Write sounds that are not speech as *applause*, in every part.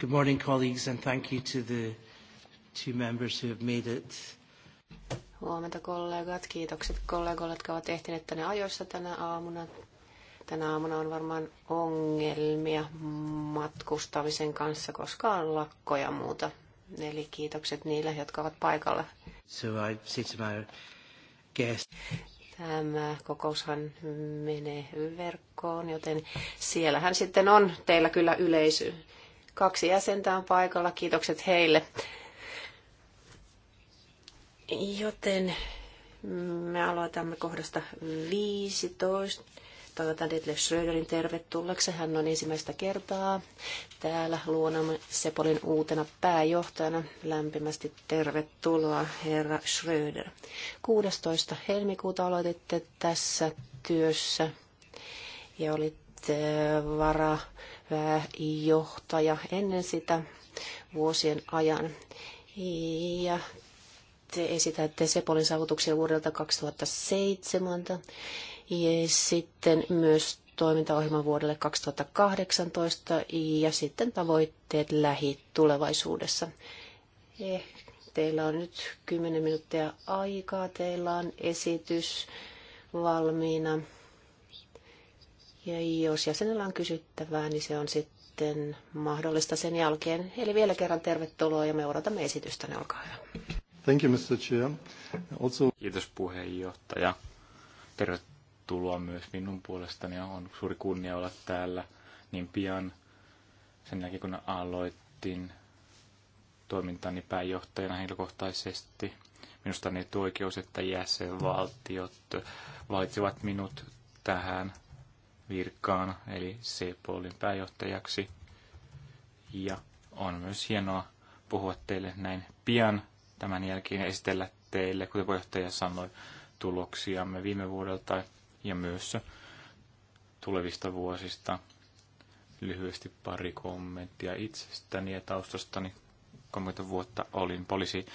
Good morning, colleagues, and thank you to the two members who have made it. Huomenta kollegat, kiitokset kollegoille, jotka ovat ehtineet tänne ajoissa tänä aamuna. Tänä aamuna on varmaan ongelmia matkustamisen kanssa, koska on lakko ja muuta. Eli kiitokset niille, jotka ovat paikalla. So I say to my guests. Tämä kokoushan menee verkkoon, joten siellähän sitten on teillä kyllä yleisö Kaksi jäsentä on paikalla, kiitokset heille. Joten me aloitamme kohdasta 15. Toivotan Detle Schröderin tervetulleeksi. Hän on ensimmäistä kertaa täällä luonamme Sepolin uutena pääjohtajana. Lämpimästi tervetuloa, herra Schröder. 16. helmikuuta aloititte tässä työssä ja olitte vara johtaja ennen sitä vuosien ajan. Ja te esitätte Sepolin saavutuksia vuodelta 2007 ja sitten myös toimintaohjelman vuodelle 2018 ja sitten tavoitteet lähitulevaisuudessa. Eh, teillä on nyt 10 minuuttia aikaa, teillä on esitys valmiina. Ja jos jäsenellä on kysyttävää, niin se on sitten mahdollista sen jälkeen. Eli vielä kerran tervetuloa ja me odotamme ne niin olkaa hyvä. Thank you, Mr. Chair. Also... Kiitos puheenjohtaja. Tervetuloa myös minun puolestani. On suuri kunnia olla täällä niin pian sen jälkeen, kun aloitin toimintani pääjohtajana henkilökohtaisesti. Minusta on etuoikeus, että jäsenvaltiot valitsivat minut tähän virkaan, eli c pääjohtajaksi. Ja on myös hienoa puhua teille näin pian tämän jälkeen esitellä teille, kuten puheenjohtaja sanoi, tuloksiamme viime vuodelta ja myös tulevista vuosista. Lyhyesti pari kommenttia itsestäni ja taustastani. 30 vuotta olin poliisi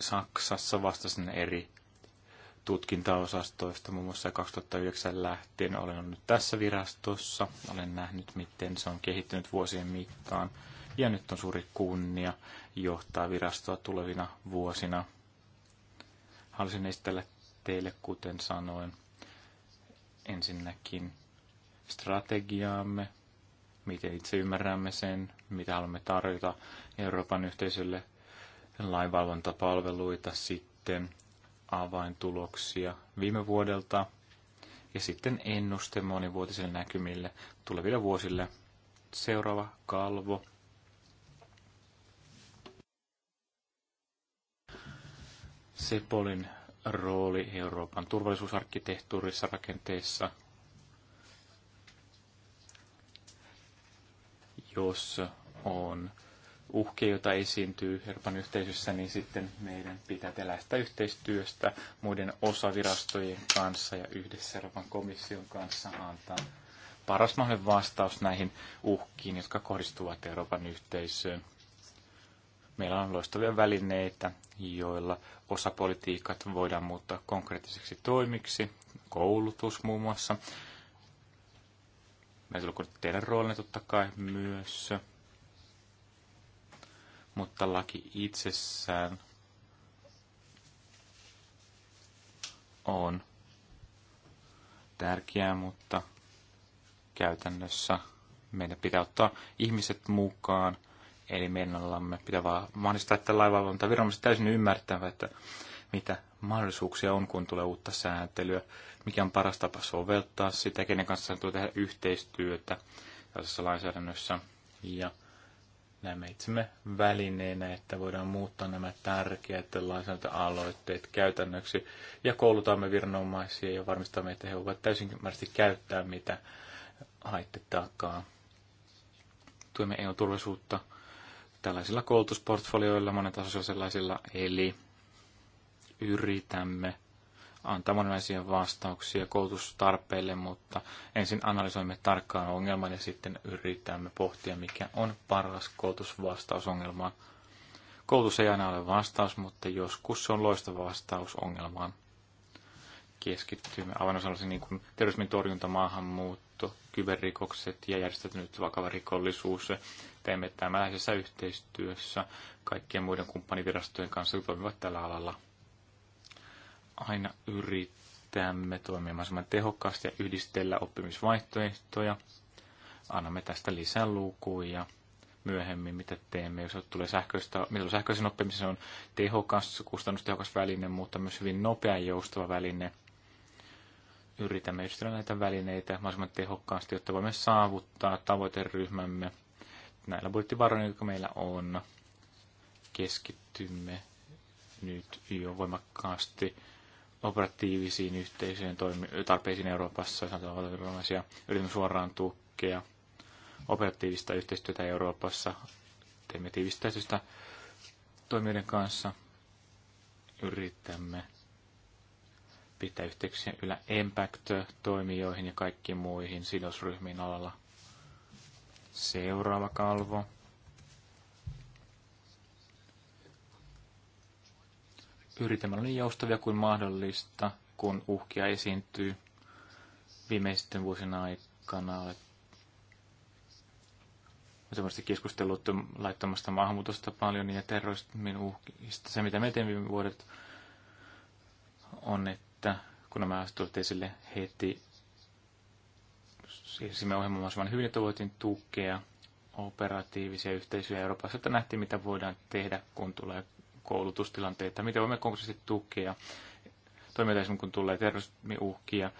Saksassa, vastasin eri tutkintaosastoista muun muassa 2009 lähtien. Olen ollut tässä virastossa, olen nähnyt miten se on kehittynyt vuosien mittaan ja nyt on suuri kunnia johtaa virastoa tulevina vuosina. Haluaisin esitellä teille, kuten sanoin, ensinnäkin strategiaamme, miten itse ymmärrämme sen, mitä haluamme tarjota Euroopan yhteisölle lainvalvontapalveluita, sitten avaintuloksia viime vuodelta ja sitten ennuste monivuotisille näkymille tuleville vuosille. Seuraava kalvo. Sepolin rooli Euroopan turvallisuusarkkitehtuurissa rakenteessa, jos on uhkia, joita esiintyy Euroopan yhteisössä, niin sitten meidän pitää tehdä sitä yhteistyöstä muiden osavirastojen kanssa ja yhdessä Euroopan komission kanssa antaa paras mahdollinen vastaus näihin uhkiin, jotka kohdistuvat Euroopan yhteisöön. Meillä on loistavia välineitä, joilla osapolitiikat voidaan muuttaa konkreettiseksi toimiksi, koulutus muun muassa. Meillä on teidän roolinne totta kai myös mutta laki itsessään on tärkeää, mutta käytännössä meidän pitää ottaa ihmiset mukaan. Eli meidän alamme pitää vaan mahdollistaa, että laivavalvonta viranomaiset täysin ymmärtävät, että mitä mahdollisuuksia on, kun tulee uutta sääntelyä, mikä on paras tapa soveltaa sitä, kenen kanssa tulee tehdä yhteistyötä tällaisessa lainsäädännössä. Ja näemme itsemme välineenä, että voidaan muuttaa nämä tärkeät lainsäädäntöaloitteet käytännöksi ja koulutamme viranomaisia ja varmistamme, että he voivat täysin käyttää mitä haitte takaa. Tuemme EU-turvallisuutta tällaisilla koulutusportfolioilla, monet sellaisilla, eli yritämme antaa monenlaisia vastauksia koulutustarpeille, mutta ensin analysoimme tarkkaan ongelman ja sitten yritämme pohtia, mikä on paras koulutusvastaus ongelmaan. Koulutus ei aina ole vastaus, mutta joskus se on loistava vastaus ongelmaan. Keskittymme osallisen niin kuin terrorismin torjunta, maahanmuutto, kyberrikokset ja järjestetynyt vakava rikollisuus. Teemme tämän läheisessä yhteistyössä kaikkien muiden kumppanivirastojen kanssa, jotka toimivat tällä alalla aina yritämme toimia mahdollisimman tehokkaasti ja yhdistellä oppimisvaihtoehtoja. Annamme tästä lisää lukuja myöhemmin, mitä teemme, jos tulee sähköistä, mitä sähköisen oppimisen on tehokas, kustannustehokas väline, mutta myös hyvin nopea ja joustava väline. Yritämme yhdistellä näitä välineitä mahdollisimman tehokkaasti, jotta voimme saavuttaa tavoiteryhmämme näillä budjettivaroilla, jotka meillä on. Keskittymme nyt jo voimakkaasti operatiivisiin yhteisöjen toimi- tarpeisiin Euroopassa, sanotaan yritämme suoraan tukea operatiivista yhteistyötä Euroopassa, teemme tiivistä toimijoiden kanssa, yritämme pitää yhteyksiä yllä Impact-toimijoihin ja kaikkiin muihin sidosryhmiin alalla. Seuraava kalvo. yritämme olla niin joustavia kuin mahdollista, kun uhkia esiintyy viimeisten vuosien aikana. Esimerkiksi keskustelut laittomasta maahanmuutosta paljon ja terrorismin uhkista. Se, mitä me teemme viime vuodet, on, että kun nämä astuivat esille heti, siirsimme ohjelman mahdollisimman hyvin, että voitiin tukea operatiivisia yhteisöjä Euroopassa, että nähtiin, mitä voidaan tehdä, kun tulee koulutustilanteita, miten voimme konkreettisesti tukea toimijoita esimerkiksi kun tulee terrorismiuhkia,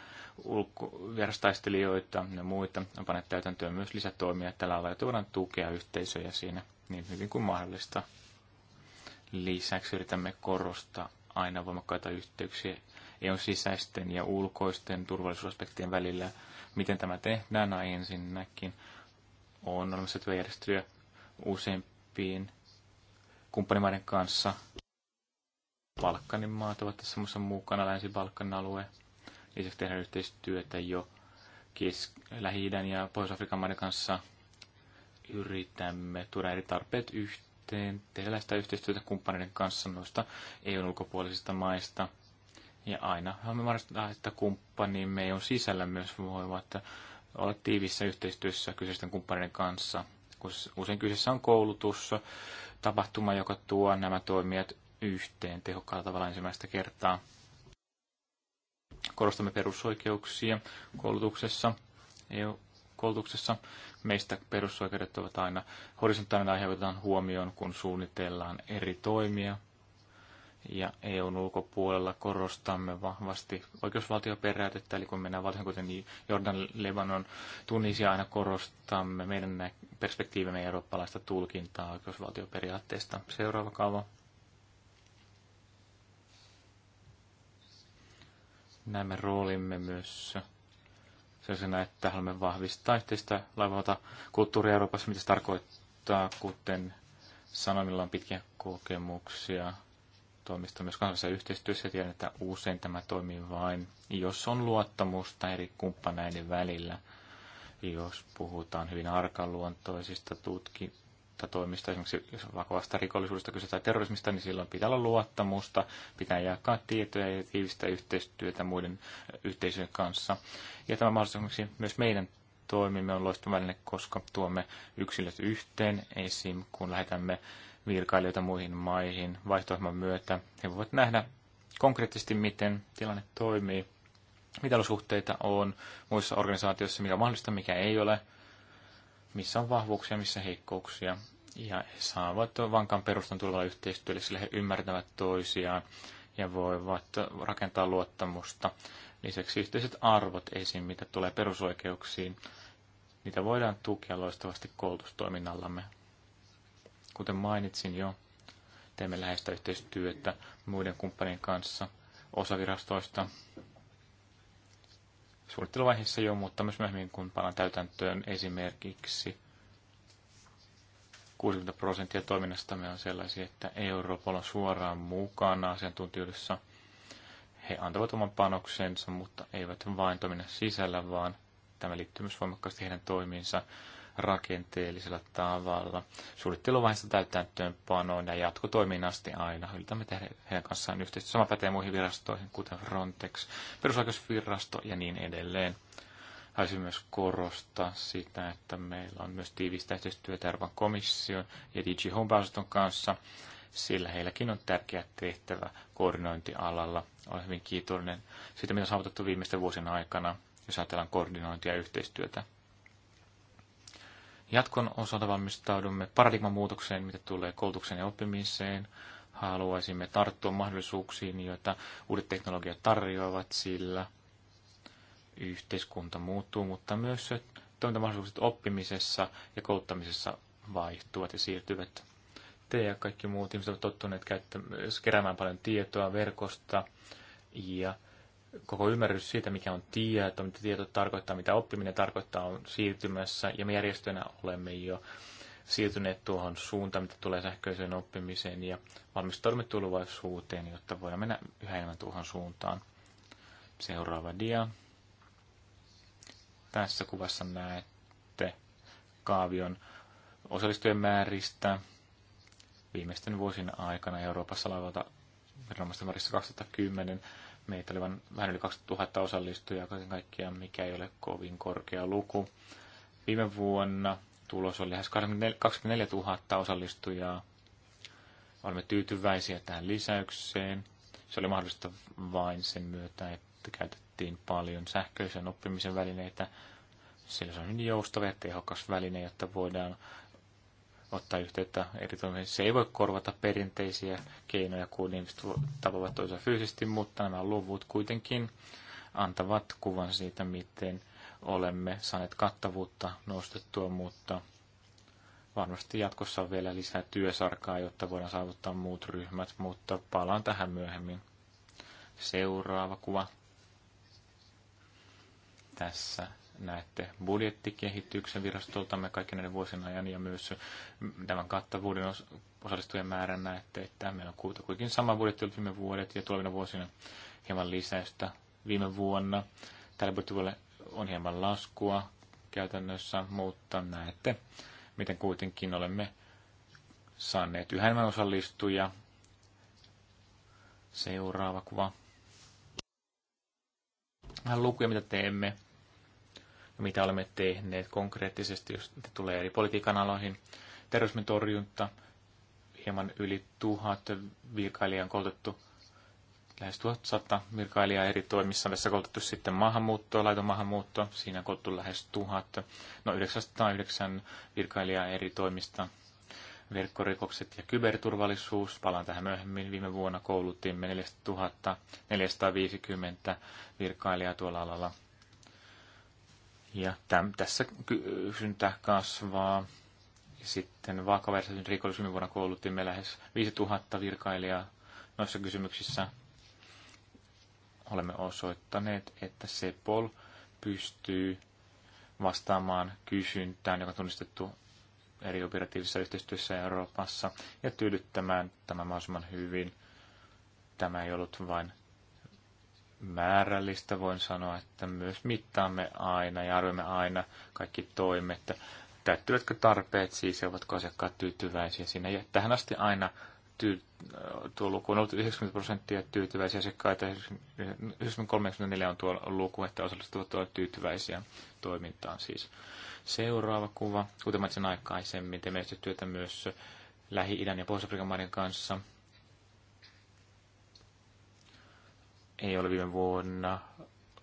ulko- vierastaistelijoita ja muita, on panneet täytäntöön myös lisätoimia tällä alalla, jotta voidaan tukea yhteisöjä siinä niin hyvin kuin mahdollista. Lisäksi yritämme korostaa aina voimakkaita yhteyksiä EUn sisäisten ja ulkoisten turvallisuusaspektien välillä. Miten tämä tehdään? No ensinnäkin on olemassa työjärjestelyjä useampiin kumppanimaiden kanssa. Balkanin maat ovat tässä muassa mukana, Länsi-Balkan alue. Lisäksi tehdään yhteistyötä jo Kesk- Lähi-idän ja Pohjois-Afrikan maiden kanssa. Yritämme tuoda eri tarpeet yhteen, tehdä sitä yhteistyötä kumppaneiden kanssa noista EUn ulkopuolisista maista. Ja aina me varmistaa, että kumppanimme on sisällä myös voivat olla tiivissä yhteistyössä kyseisten kumppaneiden kanssa. Usein kyseessä on koulutus, tapahtuma, joka tuo nämä toimijat yhteen tehokkaalla tavalla ensimmäistä kertaa. Korostamme perusoikeuksia koulutuksessa, EU-koulutuksessa. Meistä perusoikeudet ovat aina horisontaalinen aihe, otetaan huomioon, kun suunnitellaan eri toimia – ja EUn ulkopuolella korostamme vahvasti oikeusvaltioperiaatetta, eli kun mennään valtion kuten Jordan, Lebanon, Tunisia, aina korostamme meidän perspektiivimme eurooppalaista tulkintaa oikeusvaltioperiaatteesta. Seuraava kaava. Näemme roolimme myös sellaisena, että haluamme vahvistaa yhteistä laivalta kulttuuria Euroopassa, mitä se tarkoittaa, kuten sanoin, on pitkiä kokemuksia toimisto myös kansallisessa yhteistyössä. Tiedän, että usein tämä toimii vain, jos on luottamusta eri kumppaneiden välillä. Jos puhutaan hyvin arkaluontoisista tutkintatoimista, toimista, esimerkiksi jos vakavasta rikollisuudesta kyse tai terrorismista, niin silloin pitää olla luottamusta, pitää jakaa tietoja ja tiivistää yhteistyötä muiden yhteisöjen kanssa. Ja tämä mahdollisuus myös meidän toimimme on loistava väline, koska tuomme yksilöt yhteen esim. kun lähetämme virkailijoita muihin maihin vaihtoehman myötä. He voivat nähdä konkreettisesti, miten tilanne toimii, mitä suhteita on muissa organisaatioissa, mikä on mahdollista, mikä ei ole, missä on vahvuuksia, missä heikkouksia. Ja he saavat vankan perustan tulla yhteistyölle, sillä he ymmärtävät toisiaan ja voivat rakentaa luottamusta. Lisäksi yhteiset arvot esiin, mitä tulee perusoikeuksiin, niitä voidaan tukea loistavasti koulutustoiminnallamme. Kuten mainitsin jo, teemme läheistä yhteistyötä muiden kumppanien kanssa osavirastoista suunnitteluvaiheessa jo, mutta myös myöhemmin, kun palaan täytäntöön esimerkiksi 60 prosenttia toiminnastamme on sellaisia, että Europol on suoraan mukana asiantuntijuudessa. He antavat oman panoksensa, mutta eivät vain toiminnan sisällä, vaan tämä liittyy myös voimakkaasti heidän toimiinsa rakenteellisella tavalla. Suunnitteluvaiheessa täytäntöönpanoon ja jatkotoimiin asti aina. Yritämme tehdä heidän kanssaan yhteistyötä. Sama pätee muihin virastoihin, kuten Frontex, perusoikeusvirasto ja niin edelleen. Haluaisin myös korostaa sitä, että meillä on myös tiivistä yhteistyötä Euroopan komission ja DG Home kanssa, sillä heilläkin on tärkeä tehtävä koordinointialalla. Olen hyvin kiitollinen siitä, mitä on saavutettu viimeisten vuosien aikana, jos ajatellaan koordinointia ja yhteistyötä. Jatkon osalta valmistaudumme paradigmamuutokseen, mitä tulee koulutukseen ja oppimiseen. Haluaisimme tarttua mahdollisuuksiin, joita uudet teknologiat tarjoavat, sillä yhteiskunta muuttuu, mutta myös toimintamahdollisuudet oppimisessa ja kouluttamisessa vaihtuvat ja siirtyvät. Te ja kaikki muut ihmiset ovat tottuneet keräämään paljon tietoa verkosta ja koko ymmärrys siitä, mikä on tieto, mitä tieto tarkoittaa, mitä oppiminen tarkoittaa, on siirtymässä. Ja me järjestönä olemme jo siirtyneet tuohon suuntaan, mitä tulee sähköiseen oppimiseen ja valmistaudumme tulevaisuuteen, jotta voidaan mennä yhä enemmän tuohon suuntaan. Seuraava dia. Tässä kuvassa näette kaavion osallistujien määristä viimeisten vuosien aikana Euroopassa laivalta viranomaisten varissa 2010 Meitä oli vain vähän yli 2000 osallistujaa kaiken kaikkiaan, mikä ei ole kovin korkea luku. Viime vuonna tulos oli lähes 24 000 osallistujaa. Olemme tyytyväisiä tähän lisäykseen. Se oli mahdollista vain sen myötä, että käytettiin paljon sähköisen oppimisen välineitä. Sillä se on hyvin niin joustava ja tehokas väline, jotta voidaan ottaa yhteyttä eri toimijoihin. Se ei voi korvata perinteisiä keinoja, kun ihmiset tapaavat toisaan fyysisesti, mutta nämä luvut kuitenkin antavat kuvan siitä, miten olemme saaneet kattavuutta nostettua, mutta varmasti jatkossa on vielä lisää työsarkaa, jotta voidaan saavuttaa muut ryhmät, mutta palaan tähän myöhemmin. Seuraava kuva. Tässä näette budjettikehityksen virastoltamme kaiken näiden vuosien ajan ja myös tämän kattavuuden osallistujien määrän näette, että meillä on kuitenkin sama budjetti ollut viime vuodet ja tulevina vuosina hieman lisäystä viime vuonna. Tällä budjettivuodella on hieman laskua käytännössä, mutta näette, miten kuitenkin olemme saaneet yhä enemmän osallistujia. Seuraava kuva. Vähän lukuja, mitä teemme mitä olemme tehneet konkreettisesti, jos tulee eri politiikan aloihin. Terrorismin torjunta, hieman yli tuhat virkailijaa on koulutettu, lähes 1100 virkailijaa eri toimissa on tässä koulutettu sitten maahanmuuttoa, laiton maahanmuutto, siinä on koulutettu lähes tuhat, no 909 virkailijaa eri toimista, verkkorikokset ja kyberturvallisuus. Palaan tähän myöhemmin. Viime vuonna koulutimme 4450 virkailijaa tuolla alalla. Ja täm, tässä kysyntä kasvaa. Sitten vaakaversaisen rikollisuuden vuonna me lähes 5000 virkailijaa noissa kysymyksissä. Olemme osoittaneet, että Sepol pystyy vastaamaan kysyntään, joka on tunnistettu eri operatiivisessa yhteistyössä Euroopassa, ja tyydyttämään tämä mahdollisimman hyvin. Tämä ei ollut vain määrällistä. Voin sanoa, että myös mittaamme aina ja arvioimme aina kaikki toimet, täyttyvätkö tarpeet siis ja ovatko asiakkaat tyytyväisiä siinä. Ja tähän asti aina tyy- tuo luku on ollut 90 prosenttia tyytyväisiä asiakkaita, 93 on tuo luku, että osallistuvat ovat tyytyväisiä toimintaan siis. Seuraava kuva, kuten mainitsin aikaisemmin, meistä työtä myös Lähi-idän ja Pohjois-Afrikan maiden kanssa – ei ole viime vuonna.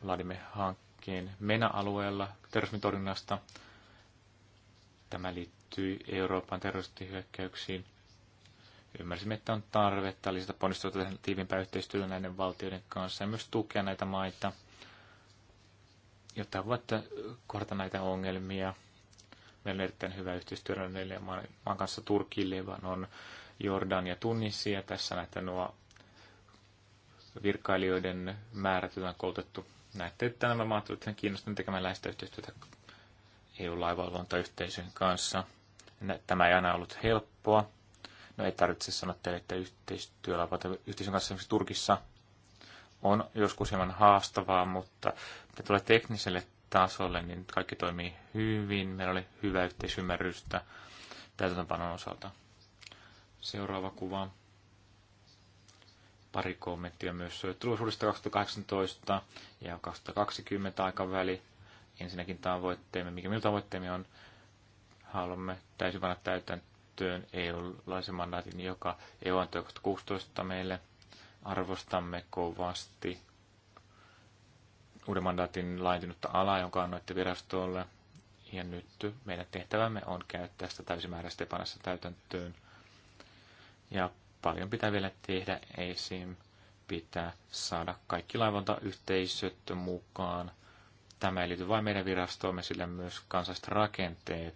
Laadimme hankkeen MENA-alueella terrorismitorjunnasta. Tämä liittyy Euroopan terroristihyökkäyksiin. Ymmärsimme, että on tarvetta lisätä ponnistusta tiivimpää yhteistyötä näiden valtioiden kanssa ja myös tukea näitä maita, jotta voivat kohdata näitä ongelmia. Meillä on erittäin hyvä yhteistyö neljän maan kanssa Turkki, Libanon, Jordan ja Tunisia. Tässä näitä nuo virkailijoiden määrät, joita on koulutettu. Näette, että nämä maat ovat kiinnostuneet tekemään läheistä yhteistyötä EU-laivalvontayhteisön kanssa. Tämä ei aina ollut helppoa. No ei tarvitse sanoa teille, että yhteistyölaivalvontayhteisön kanssa esimerkiksi Turkissa on joskus hieman haastavaa, mutta mitä tulee tekniselle tasolle, niin kaikki toimii hyvin. Meillä oli hyvä yhteisymmärrystä täytäntöpanon osalta. Seuraava kuva. Pari kommenttia myös tulosuudesta 2018 ja 2020 aikaväli. Ensinnäkin tavoitteemme, mikä minun tavoitteemme on, haluamme täysin panna täytäntöön EU-laisen mandaatin, joka EU antoi 2016 meille. Arvostamme kovasti uuden mandaatin laajentunutta alaa, jonka annoitte virastolle. Ja nyt meidän tehtävämme on käyttää sitä täysimääräisesti panassa täytäntöön. Ja Paljon pitää vielä tehdä, esim. pitää saada kaikki laivontayhteisöt mukaan. Tämä ei liity vain meidän virastoomme, sillä myös kansalliset rakenteet.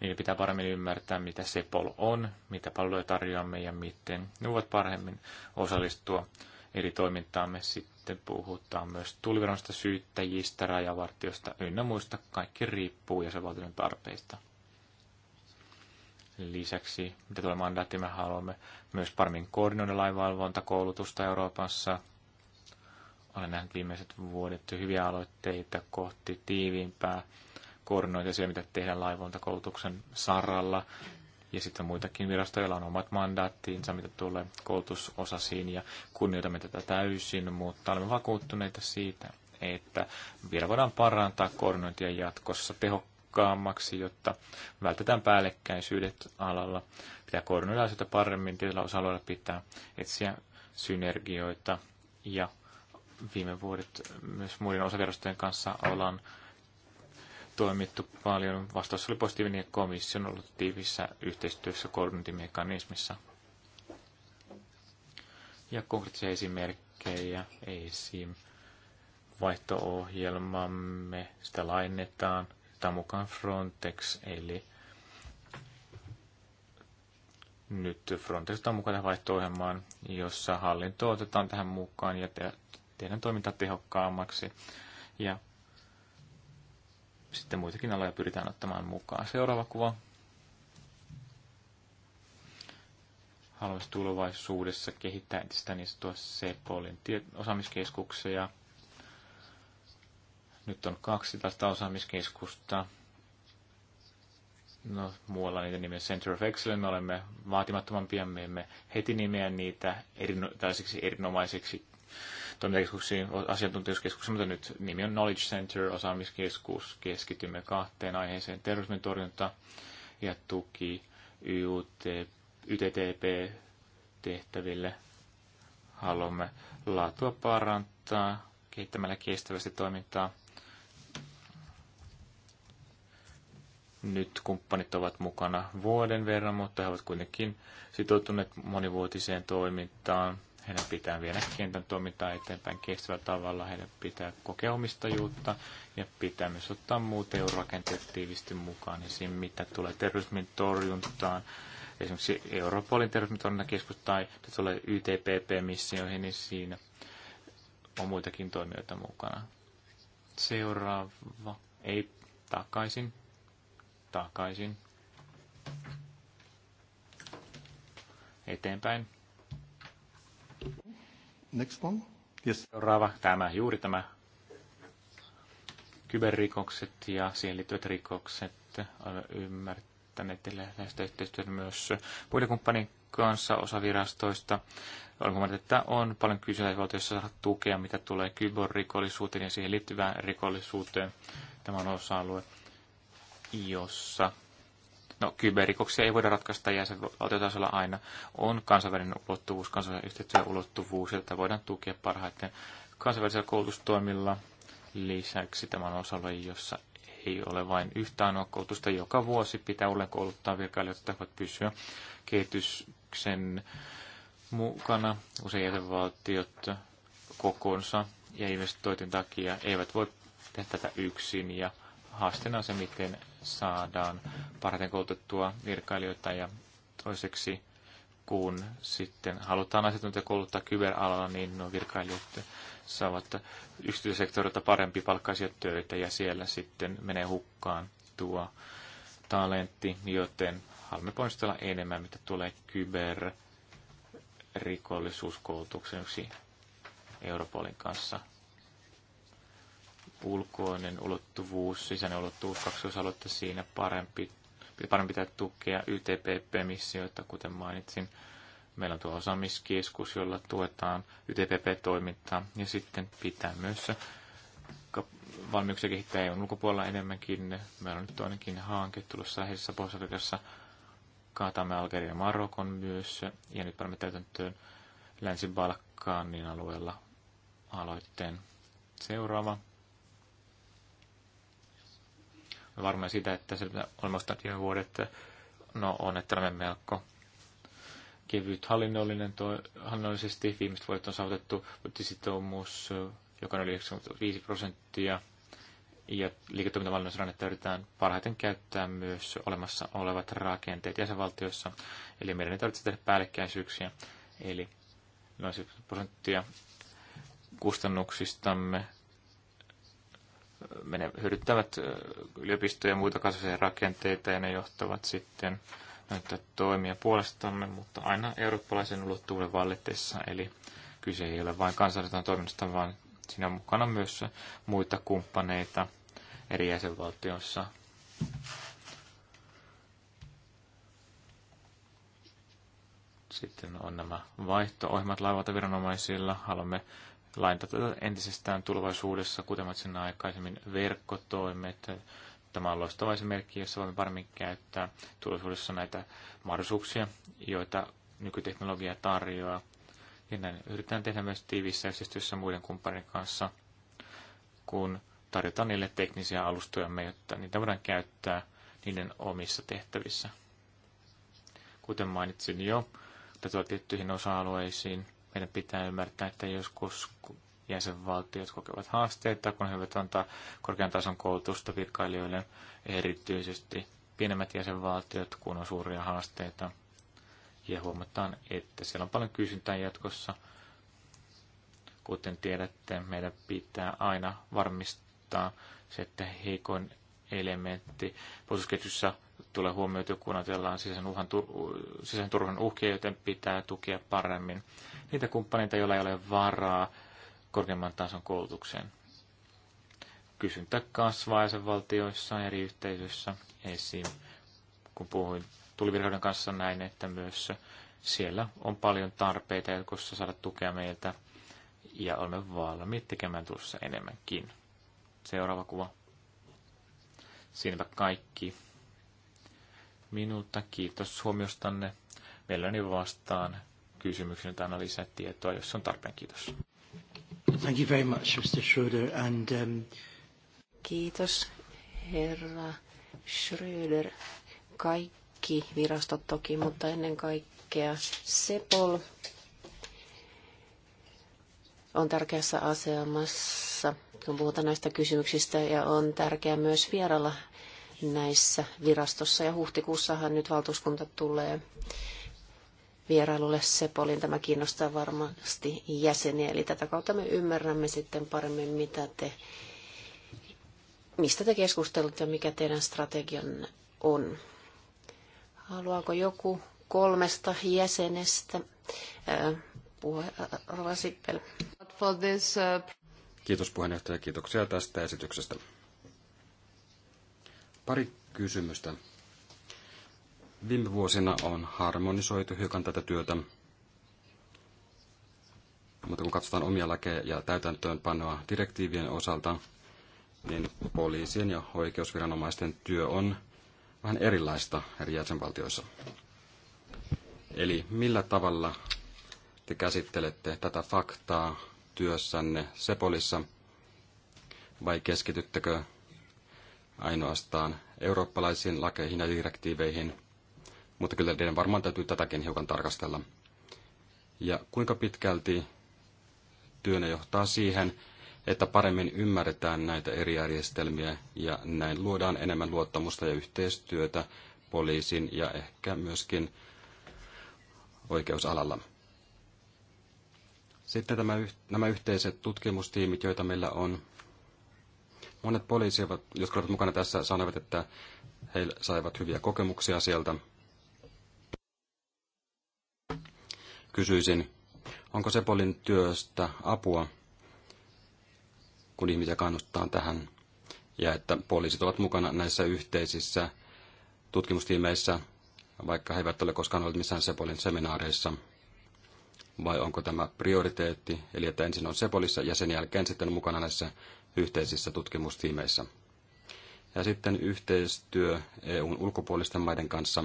niin pitää paremmin ymmärtää, mitä Sepol on, mitä palveluja tarjoamme ja miten ne voivat paremmin osallistua eri toimintaamme. Sitten puhutaan myös tuliviranosta syyttäjistä, rajavartiosta ynnä muista. Kaikki riippuu ja se tarpeista. Lisäksi, mitä tulee mandaatti, me haluamme myös paremmin koordinoida lainvalvontakoulutusta Euroopassa. Olen nähnyt viimeiset vuodet hyviä aloitteita kohti tiiviimpää koordinointia siellä, mitä tehdään lainvalvontakoulutuksen saralla. Ja sitten muitakin virastoja, joilla on omat mandaattiinsa, mitä tulee koulutusosasiin ja kunnioitamme tätä täysin, mutta olemme vakuuttuneita siitä, että vielä voidaan parantaa koordinointia jatkossa tehokkaasti tehokkaammaksi, jotta vältetään päällekkäisyydet alalla. Pitää koordinoida asioita paremmin, tietyllä osa alueella pitää etsiä synergioita ja viime vuodet myös muiden osavirastojen kanssa ollaan toimittu paljon. Vastaus oli positiivinen ja komission ollut tiivissä yhteistyössä koordinointimekanismissa. Ja konkreettisia esimerkkejä, esim. vaihto-ohjelmamme, sitä lainetaan ottaa mukaan Frontex, eli nyt Frontex on mukaan tähän vaihto jossa hallinto otetaan tähän mukaan ja te- tehdään toimintaa tehokkaammaksi. Ja sitten muitakin aloja pyritään ottamaan mukaan. Seuraava kuva. Haluaisin tulevaisuudessa kehittää entistäni niin tuossa Sepolin osaamiskeskuksia – nyt on kaksi tästä osaamiskeskusta. No, muualla niiden nimi Center of Excellence. Me olemme vaatimattomampia, me emme heti nimeä niitä erino, tällaisiksi erinomaisiksi toimintakeskuksiin, asiantuntijuuskeskuksiin, mutta nyt nimi on Knowledge Center, osaamiskeskus. Keskitymme kahteen aiheeseen, terrorismin torjunta ja tuki YUT, YTTP-tehtäville. Haluamme laatua parantaa kehittämällä kestävästi toimintaa Nyt kumppanit ovat mukana vuoden verran, mutta he ovat kuitenkin sitoutuneet monivuotiseen toimintaan. Heidän pitää viedä kentän toimintaa eteenpäin kestävällä tavalla, heidän pitää kokea omistajuutta ja pitää myös ottaa muut eurorakenteet tiivisti mukaan esiin, mitä tulee terrorismin torjuntaan. Esimerkiksi Europolin terrorismin tai tulee YTPP-missioihin, niin siinä on muitakin toimijoita mukana. Seuraava. Ei takaisin takaisin eteenpäin. Next one. Yes. Seuraava, tämä, juuri tämä kyberrikokset ja siihen liittyvät rikokset. Olen ymmärtänyt, että näistä yhteistyötä myös puolikumppanin kanssa osavirastoista. Olen huomannut, että on paljon kysyä, että valtiossa saada tukea, mitä tulee kyberrikollisuuteen ja siihen liittyvään rikollisuuteen. Tämä on osa-alue, jossa no, kyberrikoksia ei voida ratkaista jäsenvaltiotasolla aina, on kansainvälinen ulottuvuus, kansainvälinen yhteistyön ulottuvuus, jota voidaan tukea parhaiten kansainvälisillä koulutustoimilla. Lisäksi tämä on osa jossa ei ole vain yhtä ainoa koulutusta. Joka vuosi pitää uudelleen kouluttaa virkailijoita, jotka voivat pysyä kehityksen mukana. Usein jäsenvaltiot kokonsa ja investointin takia eivät voi tehdä tätä yksin ja haasteena on se, miten saadaan parhaiten koulutettua virkailijoita ja toiseksi kun sitten halutaan asiantuntijoita kouluttaa kyberalalla, niin nuo virkailijat saavat yksityissektorilta parempi palkkaisia töitä ja siellä sitten menee hukkaan tuo talentti, joten haluamme poistella enemmän, mitä tulee kyberrikollisuuskoulutuksen yksi Europolin kanssa ulkoinen ulottuvuus, sisäinen ulottuvuus, kaksoisaluetta siinä parempi, parempi pitää tukea YTPP-missioita, kuten mainitsin. Meillä on tuo osaamiskeskus, jolla tuetaan YTPP-toimintaa ja sitten pitää myös valmiuksia kehittää EUn ulkopuolella enemmänkin. Meillä on nyt toinenkin hanke tulossa läheisessä pohjois Kaataamme Algerian ja Marokon myös ja nyt panemme täytäntöön Länsi-Balkanin alueella aloitteen. Seuraava varmaan sitä, että se olemassa viime vuodet no, on, että olemme melko kevyt hallinnollinen toi, hallinnollisesti. Viimeiset vuodet on saavutettu budjettisitoumus, joka on yli 95 prosenttia. Ja liiketoimintavallinnon rannetta yritetään parhaiten käyttää myös olemassa olevat rakenteet jäsenvaltioissa. Eli meidän ei tarvitse tehdä päällekkäisyyksiä. Eli noin 70 prosenttia kustannuksistamme hyödyttävät yliopistoja ja muita kasvisia rakenteita ja ne johtavat sitten näitä toimia puolestamme, mutta aina eurooppalaisen ulottuvuuden vallitessa. Eli kyse ei ole vain kansallisesta toiminnasta, vaan siinä on mukana myös muita kumppaneita eri jäsenvaltioissa. Sitten on nämä vaihto-ohjelmat laivalta viranomaisilla. Haluamme laintata entisestään tulevaisuudessa, kuten sen aikaisemmin, verkkotoimet. Tämä on loistava esimerkki, jossa voimme paremmin käyttää tulevaisuudessa näitä mahdollisuuksia, joita nykyteknologia tarjoaa. Ja näin yritetään tehdä myös tiivissä yhteistyössä muiden kumppanin kanssa, kun tarjotaan niille teknisiä alustojamme, jotta niitä voidaan käyttää niiden omissa tehtävissä. Kuten mainitsin jo, tätä tiettyihin osa-alueisiin – meidän pitää ymmärtää, että joskus jäsenvaltiot kokevat haasteita, kun he voivat antaa korkean tason koulutusta virkailijoille, erityisesti pienemmät jäsenvaltiot, kun on suuria haasteita. Ja huomataan, että siellä on paljon kysyntää jatkossa. Kuten tiedätte, meidän pitää aina varmistaa se, että heikoin elementti puolustusketjussa – tule huomioitu, kun ajatellaan sisäisen, uhan, sisäisen turvan uhkia, joten pitää tukea paremmin niitä kumppaneita, joilla ei ole varaa korkeimman tason koulutukseen. Kysyntä kasvaa jäsenvaltioissa, eri yhteisöissä. Esim. kun puhuin tulivirhoiden kanssa näin, että myös siellä on paljon tarpeita jatkossa saada tukea meiltä ja olemme valmiit tekemään tuossa enemmänkin. Seuraava kuva. Siinäpä kaikki minulta. Kiitos huomiostanne. Mielelläni vastaan kysymyksiin tai tietoa, jos on tarpeen. Kiitos. Thank you very much, Mr. Schroeder. And, um... Kiitos, herra Schröder. Kaikki virastot toki, mutta ennen kaikkea Sepol on tärkeässä asemassa, kun puhutaan näistä kysymyksistä, ja on tärkeää myös vierailla näissä virastossa. Ja huhtikuussahan nyt valtuuskunta tulee vierailulle Sepolin. Tämä kiinnostaa varmasti jäseniä, eli tätä kautta me ymmärrämme sitten paremmin, mitä te, mistä te keskustelut ja mikä teidän strategian on. Haluaako joku kolmesta jäsenestä puhua? Uh, Kiitos puheenjohtaja, kiitoksia tästä esityksestä. Pari kysymystä. Viime vuosina on harmonisoitu hiukan tätä työtä, mutta kun katsotaan omia lakeja ja täytäntöönpanoa direktiivien osalta, niin poliisien ja oikeusviranomaisten työ on vähän erilaista eri jäsenvaltioissa. Eli millä tavalla te käsittelette tätä faktaa työssänne Sepolissa, vai keskityttekö ainoastaan eurooppalaisiin lakeihin ja direktiiveihin, mutta kyllä teidän varmaan täytyy tätäkin hiukan tarkastella. Ja kuinka pitkälti työnä johtaa siihen, että paremmin ymmärretään näitä eri järjestelmiä ja näin luodaan enemmän luottamusta ja yhteistyötä poliisin ja ehkä myöskin oikeusalalla. Sitten tämä, nämä yhteiset tutkimustiimit, joita meillä on, Monet poliisit, jotka olivat mukana tässä, sanoivat, että he saivat hyviä kokemuksia sieltä. Kysyisin, onko Sepolin työstä apua, kun ihmisiä kannustaa tähän, ja että poliisit ovat mukana näissä yhteisissä tutkimustiimeissä, vaikka he eivät ole koskaan olleet missään Sepolin seminaareissa? Vai onko tämä prioriteetti, eli että ensin on Sepolissa ja sen jälkeen sitten mukana näissä yhteisissä tutkimustiimeissä. Ja sitten yhteistyö EUn ulkopuolisten maiden kanssa.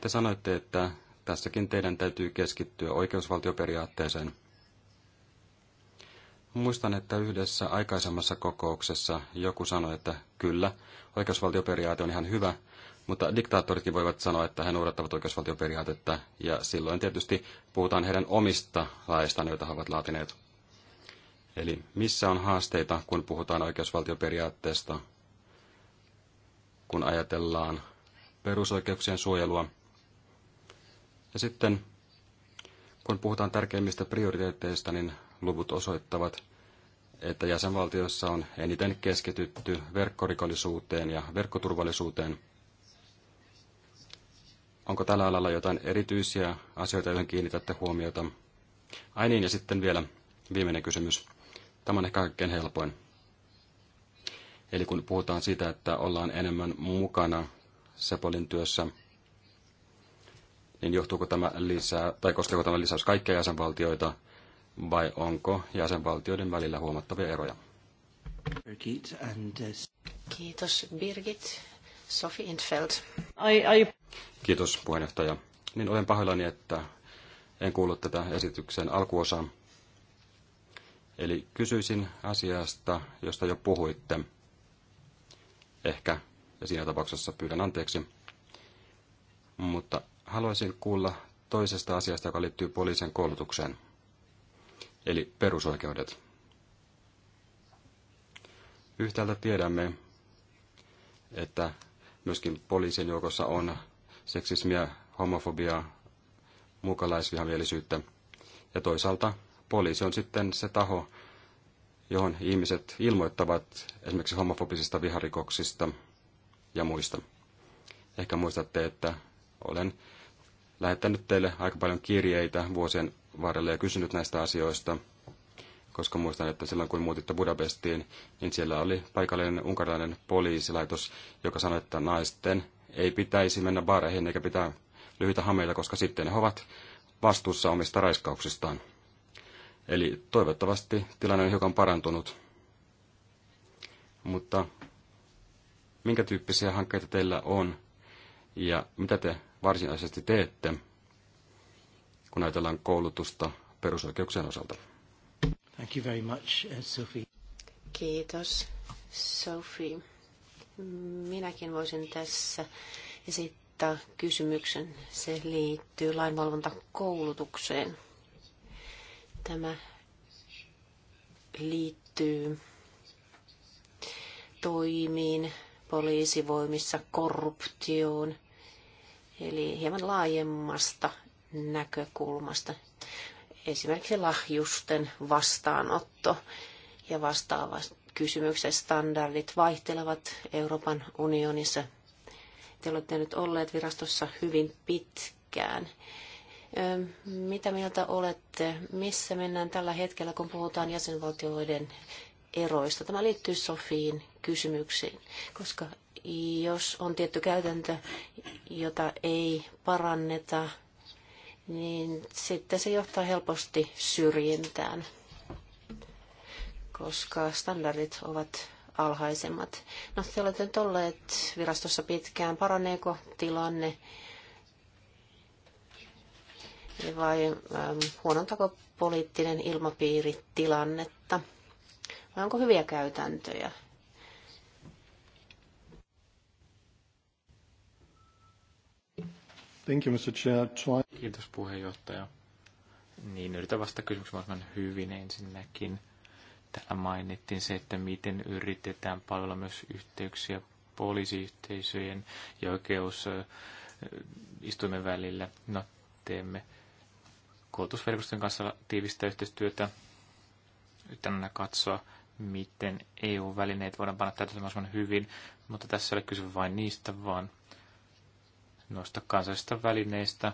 Te sanoitte, että tässäkin teidän täytyy keskittyä oikeusvaltioperiaatteeseen. Muistan, että yhdessä aikaisemmassa kokouksessa joku sanoi, että kyllä, oikeusvaltioperiaate on ihan hyvä, mutta diktaattoritkin voivat sanoa, että he noudattavat oikeusvaltioperiaatetta, ja silloin tietysti puhutaan heidän omista laeistaan, joita he ovat laatineet. Eli missä on haasteita, kun puhutaan oikeusvaltioperiaatteesta, kun ajatellaan perusoikeuksien suojelua. Ja sitten, kun puhutaan tärkeimmistä prioriteetteista, niin luvut osoittavat, että jäsenvaltioissa on eniten keskitytty verkkorikollisuuteen ja verkkoturvallisuuteen. Onko tällä alalla jotain erityisiä asioita, joihin kiinnitätte huomiota? Ai niin, ja sitten vielä viimeinen kysymys. Tämä on ehkä kaikkein helpoin. Eli kun puhutaan siitä, että ollaan enemmän mukana Sepolin työssä, niin johtuuko tämä lisää, tai koskeeko tämä lisäys kaikkia jäsenvaltioita, vai onko jäsenvaltioiden välillä huomattavia eroja? Uh, Kiitos Birgit. Sophie Infeld. Ai, ai. Kiitos puheenjohtaja. Niin olen pahoillani, että en kuullut tätä esityksen alkuosaa. Eli kysyisin asiasta, josta jo puhuitte. Ehkä, ja siinä tapauksessa pyydän anteeksi. Mutta haluaisin kuulla toisesta asiasta, joka liittyy poliisin koulutukseen. Eli perusoikeudet. Yhtäältä tiedämme, että myöskin poliisin joukossa on seksismiä, homofobiaa, mukalaisvihamielisyyttä. Ja toisaalta poliisi on sitten se taho, johon ihmiset ilmoittavat esimerkiksi homofobisista viharikoksista ja muista. Ehkä muistatte, että olen lähettänyt teille aika paljon kirjeitä vuosien varrella ja kysynyt näistä asioista, koska muistan, että silloin kun muutitte Budapestiin, niin siellä oli paikallinen unkarilainen poliisilaitos, joka sanoi, että naisten ei pitäisi mennä baareihin eikä pitää lyhyitä hameita, koska sitten he ovat vastuussa omista raiskauksistaan. Eli toivottavasti tilanne on hiukan parantunut. Mutta minkä tyyppisiä hankkeita teillä on ja mitä te varsinaisesti teette, kun ajatellaan koulutusta perusoikeuksien osalta? Thank you very much, uh, Sophie. Kiitos, Sophie. Minäkin voisin tässä esittää kysymyksen. Se liittyy lainvalvontakoulutukseen. Tämä liittyy toimiin poliisivoimissa, korruptioon, eli hieman laajemmasta näkökulmasta. Esimerkiksi lahjusten vastaanotto ja vastaavat kysymykset, standardit vaihtelevat Euroopan unionissa. Te olette nyt olleet virastossa hyvin pitkään. Mitä mieltä olette, missä mennään tällä hetkellä, kun puhutaan jäsenvaltioiden eroista? Tämä liittyy Sofiin kysymyksiin, koska jos on tietty käytäntö, jota ei paranneta, niin sitten se johtaa helposti syrjintään, koska standardit ovat alhaisemmat. No, te olette nyt olleet virastossa pitkään. Paraneeko tilanne? vai ähm, huonontako poliittinen ilmapiiri tilannetta? Vai onko hyviä käytäntöjä? Thank you, Mr. Chair. Try... Kiitos puheenjohtaja. Niin, yritän vastata kysymykseen mahdollisimman hyvin ensinnäkin. Täällä mainittiin se, että miten yritetään palvella myös yhteyksiä poliisiyhteisöjen ja oikeusistuimen välillä. No, teemme koulutusverkostojen kanssa tiivistä yhteistyötä. Yritän katsoa, miten EU-välineet voidaan panna täytäntöön hyvin, mutta tässä ei ole kyse vain niistä, vaan noista kansallisista välineistä,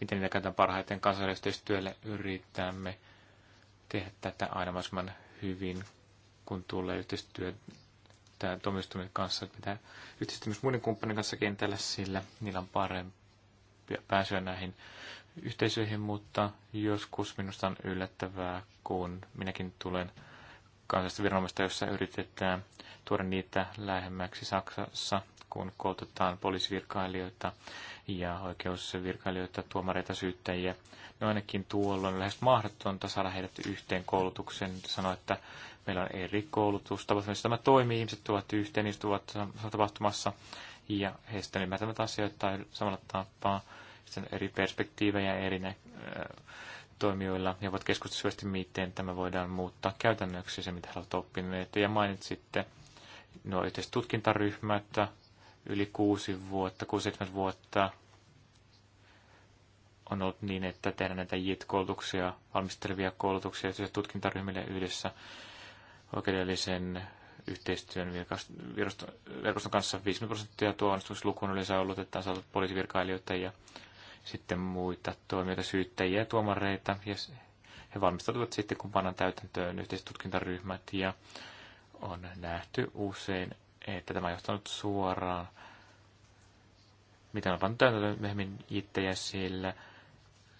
miten niitä käytetään parhaiten kansallisyhteistyölle, yritämme tehdä tätä aina mahdollisimman hyvin, kun tulee yhteistyö tämä tuomioistuimen kanssa, että pitää yhteistyö myös muiden kumppanien kanssa kentällä, sillä niillä on parempia pääsyä näihin yhteisöihin, mutta joskus minusta on yllättävää, kun minäkin tulen kansallista viranomaista, jossa yritetään tuoda niitä lähemmäksi Saksassa, kun koulutetaan poliisivirkailijoita ja oikeusvirkailijoita, tuomareita, syyttäjiä. No ainakin tuolloin lähes mahdotonta saada heidät yhteen koulutuksen. Sanoa, että meillä on eri koulutustapahtumissa. Tämä toimii, ihmiset tuovat yhteen, ihmiset tuovat tapahtumassa ja heistä ymmärtävät asioita samalla tapaa sen eri perspektiivejä eri nä- toimijoilla ja ovat keskustelusti, miten tämä voidaan muuttaa käytännöksi, se mitä he oppineet. Ja mainitsitte nuo yhteiset tutkintaryhmät, yli kuusi vuotta, kuusi vuotta on ollut niin, että tehdään näitä JIT-koulutuksia, valmistelevia koulutuksia tutkintaryhmille yhdessä oikeudellisen yhteistyön verkoston kanssa 50 prosenttia tuo onnistumisluku on yleensä ollut, että on saatu poliisivirkailijoita ja sitten muita toimijoita, syyttäjiä ja tuomareita. Ja he valmistautuvat sitten, kun pannaan täytäntöön yhteistutkintaryhmät ja on nähty usein, että tämä on johtanut suoraan, mitä on pannut täytäntöön myöhemmin itseä sillä.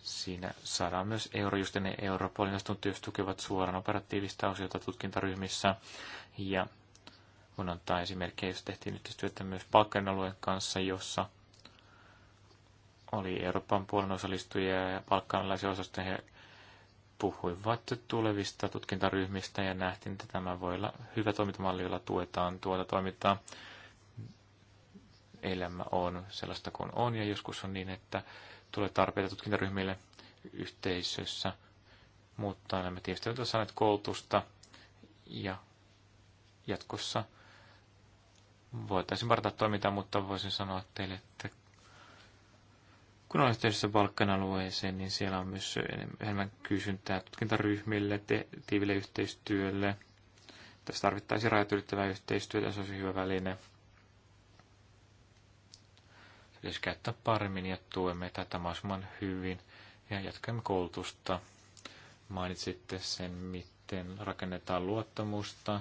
Siinä saadaan myös Eurojustin ja Europolin asiantuntijat tukevat suoraan operatiivista osiota tutkintaryhmissä. Ja kun antaa esimerkkejä, jos tehtiin yhteistyötä myös Balkanin alueen kanssa, jossa – oli Euroopan puolen osallistujia ja balkanilaisia osastoja. He puhuivat tulevista tutkintaryhmistä ja nähtiin, että tämä voi olla hyvä toimintamalli, jolla tuetaan tuota toimintaa. Elämä on sellaista kuin on ja joskus on niin, että tulee tarpeita tutkintaryhmille yhteisössä, mutta olemme tietysti ovat saaneet koulutusta ja jatkossa voitaisiin varata toimintaa, mutta voisin sanoa teille, että kun olet yhteydessä Balkan alueeseen, niin siellä on myös enemmän kysyntää tutkintaryhmille, te- tiiville yhteistyölle. Tässä tarvittaisiin rajat ylittävää yhteistyötä, se olisi hyvä väline. Se pitäisi käyttää paremmin ja tuemme tätä mahdollisimman hyvin ja jatkamme koulutusta. Mainitsitte sen, miten rakennetaan luottamusta,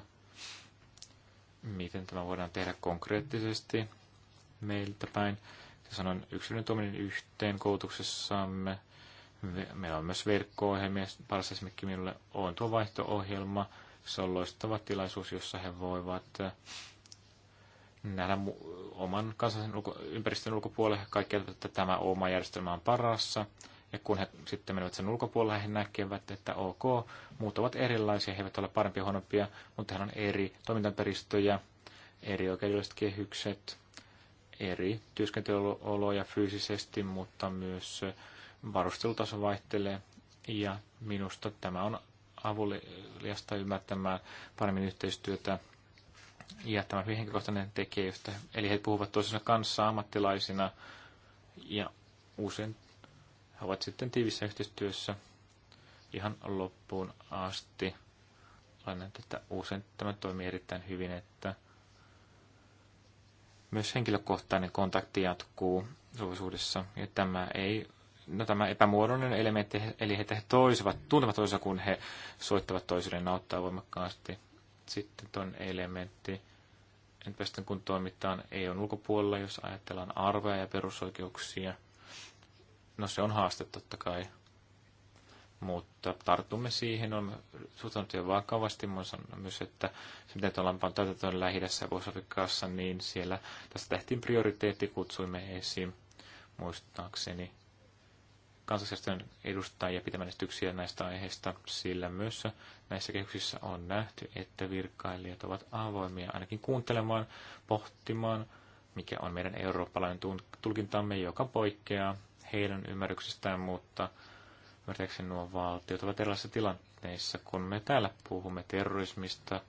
miten tämä voidaan tehdä konkreettisesti meiltä päin sanon yksilön tuominen yhteen koulutuksessamme. Meillä on myös verkko-ohjelmia. Paras esimerkki minulle on tuo vaihto-ohjelma. Se on loistava tilaisuus, jossa he voivat äh, nähdä oman kansallisen ulko- ympäristön ulkopuolelle kaikki, että tämä oma järjestelmä on parassa. Ja kun he sitten menevät sen ulkopuolelle, he näkevät, että ok, muut ovat erilaisia, he eivät ole parempia huonompia, mutta heillä on eri toimintaympäristöjä, eri oikeudelliset kehykset, eri työskentelyoloja fyysisesti, mutta myös varustelutaso vaihtelee. Ja minusta tämä on avuliasta ymmärtämään paremmin yhteistyötä ja tämä hyvin henkilökohtainen josta, Eli he puhuvat toisensa kanssa ammattilaisina ja usein he ovat sitten tiivissä yhteistyössä ihan loppuun asti. Olen, että usein tämä toimii erittäin hyvin, että myös henkilökohtainen kontakti jatkuu suvuisuudessa, ja tämä ei no tämä epämuodollinen elementti, eli he toisivat, tuntevat toisensa, kun he soittavat toisilleen auttaa voimakkaasti. Sitten tuon elementti, Entä sitten kun toimitaan ole ulkopuolella, jos ajatellaan arvoja ja perusoikeuksia. No se on haaste totta kai mutta tartumme siihen, on suhtautunut jo vakavasti. Mä sanon myös, että se mitä tuolla on täytäntöön lähi ja Pohjois-Afrikassa, niin siellä tästä tehtiin prioriteetti, kutsuimme esiin muistaakseni kansallisjärjestön edustajia pitämään esityksiä näistä aiheista, sillä myös näissä kehyksissä on nähty, että virkailijat ovat avoimia ainakin kuuntelemaan, pohtimaan, mikä on meidän eurooppalainen tulkintamme, joka poikkeaa heidän ymmärryksestään, mutta Ymmärtääkseni nuo valtiot ovat erilaisissa tilanteissa, kun me täällä puhumme terrorismista,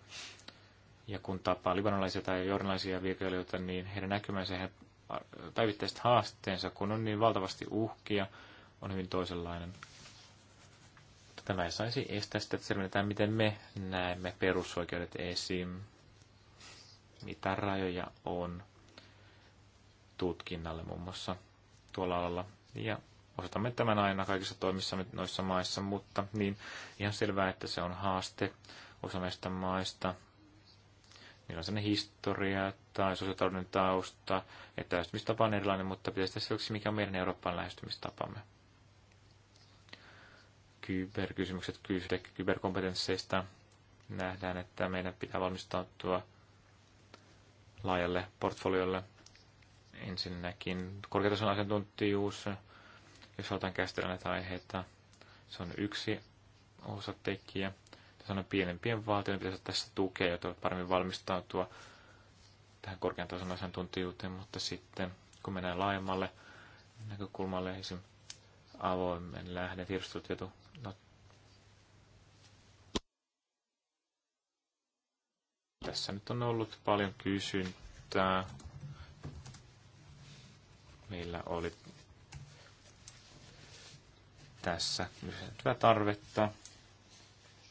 ja kun tapaa libanalaisia tai jornalaisia virkailijoita, niin heidän näkymänsä heidän päivittäiset haasteensa, kun on niin valtavasti uhkia, on hyvin toisenlainen. Tämä ei saisi estää sitä, että selvennetään, miten me näemme perusoikeudet esim. Mitä rajoja on tutkinnalle muun muassa tuolla alalla. Ja Osoitamme tämän aina kaikissa toimissa noissa maissa, mutta niin ihan selvää, että se on haaste osa näistä maista. Niillä on sellainen historia tai sosiaalinen tausta, että lähestymistapa on erilainen, mutta pitäisi tässä yksi, mikä on meidän Euroopan lähestymistapamme. Kyberkysymykset, kyberkompetensseista nähdään, että meidän pitää valmistautua laajalle portfoliolle ensinnäkin korkeatason asiantuntijuus, jos halutaan käsitellä näitä aiheita. Se on yksi osatekijä. Tässä on pienempien valtioiden pitäisi tässä tukea, jotta voivat paremmin valmistautua tähän korkean tason asiantuntijuuteen, mutta sitten kun mennään laajemmalle näkökulmalle, esimerkiksi avoimen lähden tiedostelutieto, no, tässä nyt on ollut paljon kysyntää. Meillä oli tässä lisääntyvää tarvetta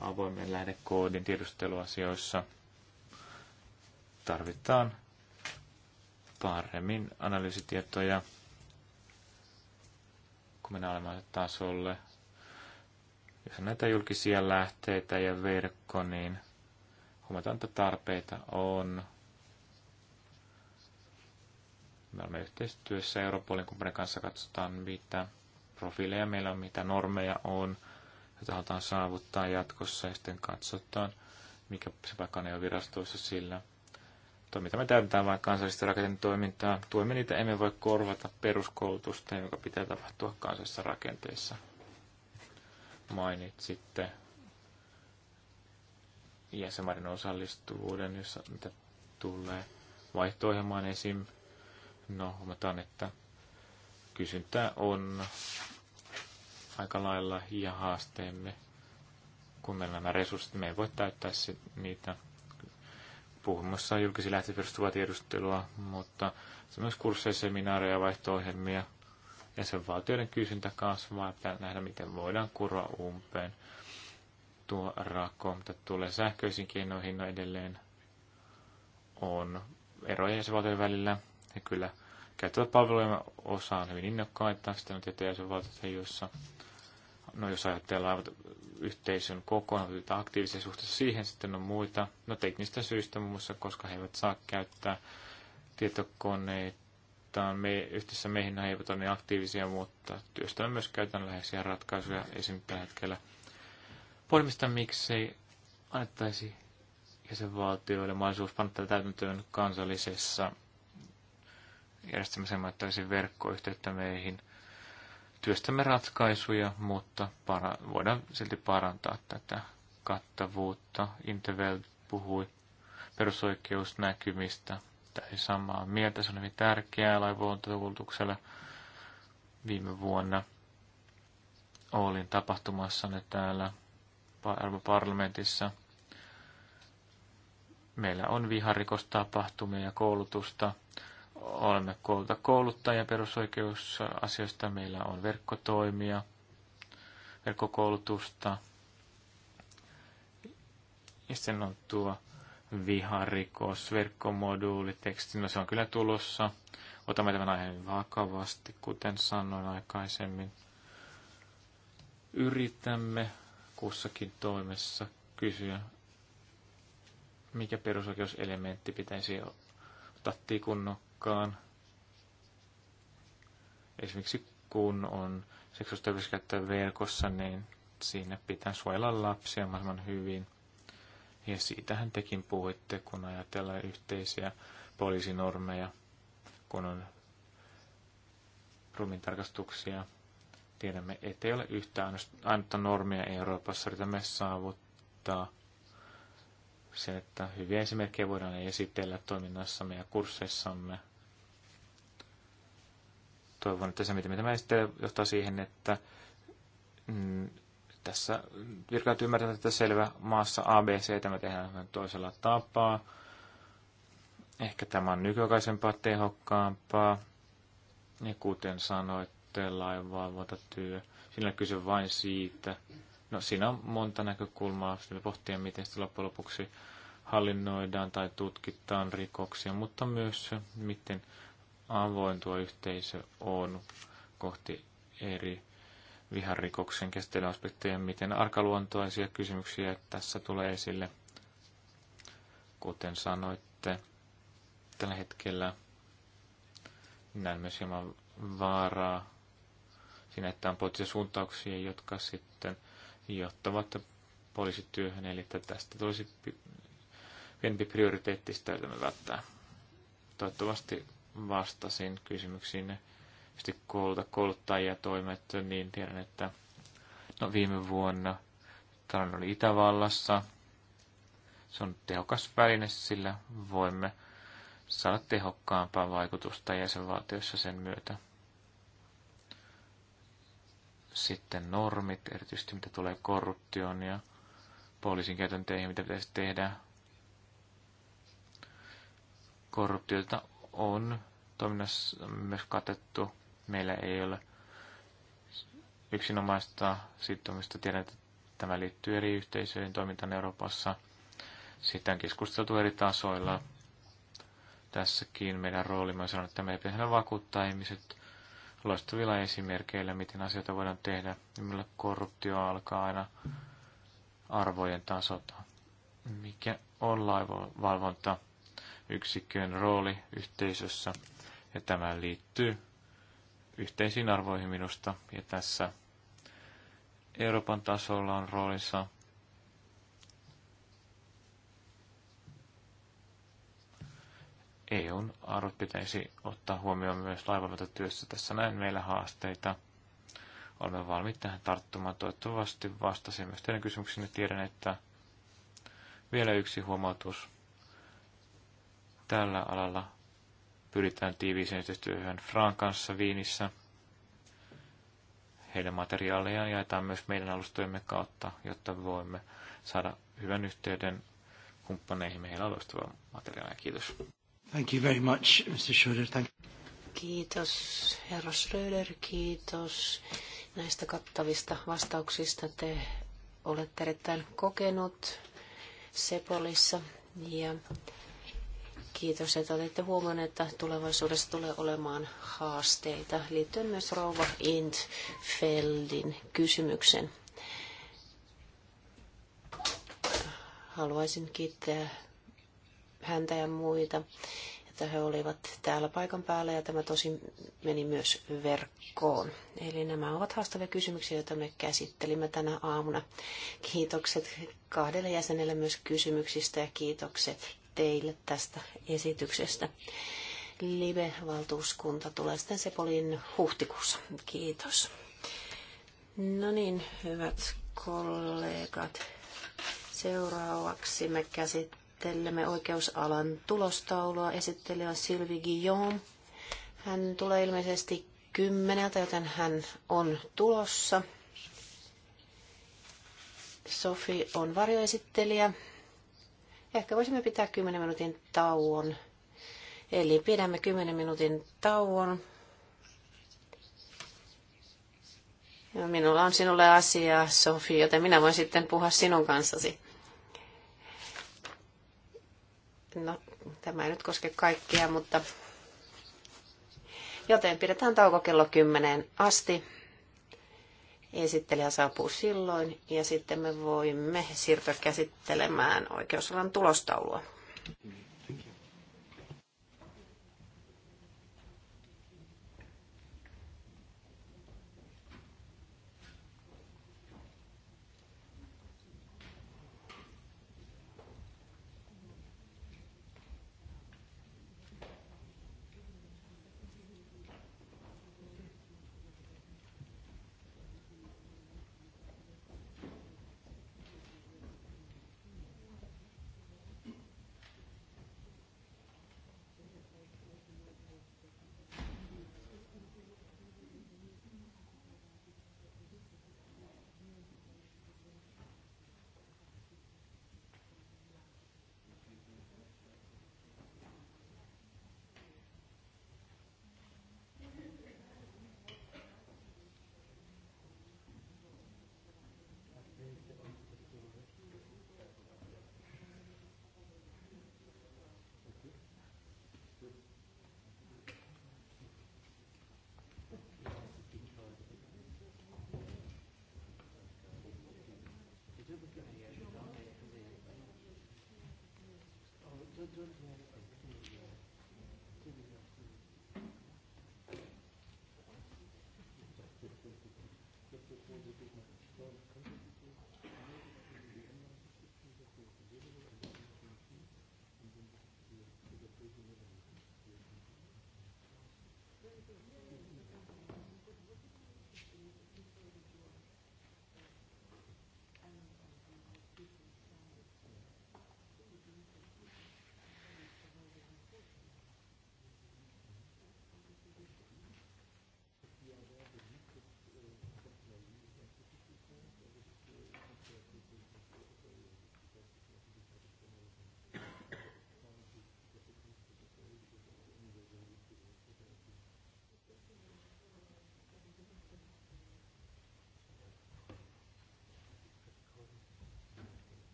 avoimen lähdekoodin tiedusteluasioissa tarvitaan paremmin analyysitietoja, kun mennään olemaan tasolle. Jos näitä julkisia lähteitä ja verkko, niin huomataan, että tarpeita on. Me olemme yhteistyössä Europolin kumppanin kanssa, katsotaan mitä profiileja meillä on, mitä normeja on, joita halutaan saavuttaa jatkossa ja sitten katsotaan, mikä se ne on virastoissa sillä. mitä me täytetään vaikka kansallista rakennetoimintaa. Tuemme niitä, emme voi korvata peruskoulutusta, joka pitää tapahtua kansallisissa rakenteissa. Mainitsitte jäsenmaiden osallistuvuuden, jossa mitä tulee vaihto esim. No, huomataan, että kysyntää on aika lailla ja haasteemme, kun meillä on nämä resurssit, me ei voi täyttää se, niitä puhumassa julkisiin lähtöön perustuvaa tiedustelua, mutta se myös kursseja, seminaareja, vaihto-ohjelmia, valtioiden kysyntä kasvaa, että nähdä, miten voidaan kuroa umpeen tuo rako, mitä tulee sähköisiin keinoihin no edelleen on eroja jäsenvaltioiden välillä. ja kyllä käyttävät palveluja, mä osaan hyvin innokkaita, sitten on tiettyjä jäsenvaltioita, joissa, no jos ajatellaan yhteisön kokoon, niin ovat aktiivisia suhteessa siihen, sitten on muita, no teknistä syistä muun muassa, koska he eivät saa käyttää tietokoneita, me, yhteensä meihin he eivät ole niin aktiivisia, mutta työstämme myös käytännönläheisiä ratkaisuja esim. tällä hetkellä. Pohdimme miksei annettaisi jäsenvaltioille mahdollisuus panna täytäntöön kansallisessa järjestelmäsemme ottaisi verkkoyhteyttä meihin. Työstämme ratkaisuja, mutta para- voidaan silti parantaa tätä kattavuutta. Intervel puhui perusoikeusnäkymistä tai samaa mieltä. Se on hyvin tärkeää laivuontokulutukselle viime vuonna. Olin tapahtumassanne täällä parlamentissa. Meillä on viharikostapahtumia ja koulutusta olemme koulta kouluttajia perusoikeusasioista. Meillä on verkkotoimia, verkkokoulutusta. Ja sitten on tuo viharikos, verkkomoduuli, teksti. No se on kyllä tulossa. Otamme tämän aiheen vakavasti, kuten sanoin aikaisemmin. Yritämme kussakin toimessa kysyä, mikä perusoikeuselementti pitäisi ottaa tikunnoksi mukaan. Esimerkiksi kun on seksuaalista hyväksikäyttöä verkossa, niin siinä pitää suojella lapsia mahdollisimman hyvin. Ja siitähän tekin puhuitte, kun ajatellaan yhteisiä poliisinormeja, kun on ruumiin Tiedämme, ettei ole yhtään ainutta normia Euroopassa, yritämme saavuttaa sen, että hyviä esimerkkejä voidaan esitellä toiminnassamme ja kursseissamme – Toivon, että se, mitä mä esittelen, johtaa siihen, että mm, tässä virkaat ymmärtävät, että selvä maassa ABC tämä tehdään toisella tapaa. Ehkä tämä on nykyaikaisempaa, tehokkaampaa. Ja kuten sanoitte, Siinä on kyse vain siitä. No siinä on monta näkökulmaa, sitä pohtia, miten sitä loppujen lopuksi hallinnoidaan tai tutkitaan rikoksia, mutta myös miten avoin tuo yhteisö on kohti eri viharikoksen käsittelyaspekteja, miten arkaluontoisia kysymyksiä tässä tulee esille. Kuten sanoitte, tällä hetkellä näen myös hieman vaaraa siinä, että on poliittisia suuntauksia, jotka sitten johtavat poliisityöhön, eli että tästä tulisi pienempi prioriteetti, sitä välttää. Toivottavasti vastasin kysymyksiin sitten kouluta kouluttajia toimet, niin tiedän, että no, viime vuonna tilanne oli Itävallassa. Se on tehokas väline, sillä voimme saada tehokkaampaa vaikutusta jäsenvaltiossa sen myötä. Sitten normit, erityisesti mitä tulee korruptioon ja poliisin käytänteihin, mitä pitäisi tehdä. Korruptiota on toiminnassamme katettu. Meillä ei ole yksinomaista sitomista. Tiedän, että tämä liittyy eri yhteisöihin toimintaan Euroopassa. Siitä on keskusteltu eri tasoilla. Tässäkin meidän roolimme on sanonut, että ei pitäisi vakuuttaa ihmiset loistavilla esimerkkeillä, miten asioita voidaan tehdä, niin millä korruptio alkaa aina arvojen tasolta. Mikä on laivavalvonta? yksikön rooli yhteisössä. Ja tämä liittyy yhteisiin arvoihin minusta. Ja tässä Euroopan tasolla on roolissa EUn arvot pitäisi ottaa huomioon myös työssä Tässä näin meillä haasteita. Olemme valmiit tähän tarttumaan. Toivottavasti vastasin myös teidän kysymyksenne. Tiedän, että vielä yksi huomautus. Tällä alalla pyritään tiiviiseen yhteistyöhön Fran kanssa Viinissä. Heidän materiaalejaan jaetaan myös meidän alustojemme kautta, jotta voimme saada hyvän yhteyden kumppaneihin meillä alustavaa materiaalia. Kiitos. Thank you very much, Mr. Schröder. Thank you. Kiitos, herra Schröder. Kiitos näistä kattavista vastauksista. Te olette erittäin kokenut Sepolissa ja kiitos, että olette huomanneet, että tulevaisuudessa tulee olemaan haasteita liittyen myös Rouva Intfeldin kysymyksen. Haluaisin kiittää häntä ja muita, että he olivat täällä paikan päällä ja tämä tosi meni myös verkkoon. Eli nämä ovat haastavia kysymyksiä, joita me käsittelimme tänä aamuna. Kiitokset kahdelle jäsenelle myös kysymyksistä ja kiitokset teille tästä esityksestä. Live-valtuuskunta tulee sitten Sepolin huhtikuussa. Kiitos. No niin, hyvät kollegat. Seuraavaksi me käsittelemme oikeusalan tulostaulua. Esittelijä on Sylvi Guillaume. Hän tulee ilmeisesti kymmeneltä, joten hän on tulossa. Sofi on varjoesittelijä. Ehkä voisimme pitää 10 minuutin tauon. Eli pidämme 10 minuutin tauon. Ja minulla on sinulle asia, Sofi, joten minä voin sitten puhua sinun kanssasi. No, tämä ei nyt koske kaikkia, mutta... Joten pidetään tauko kello 10 asti. Esittelijä saapuu silloin ja sitten me voimme siirtyä käsittelemään oikeusalan tulostaulua. Georgiana.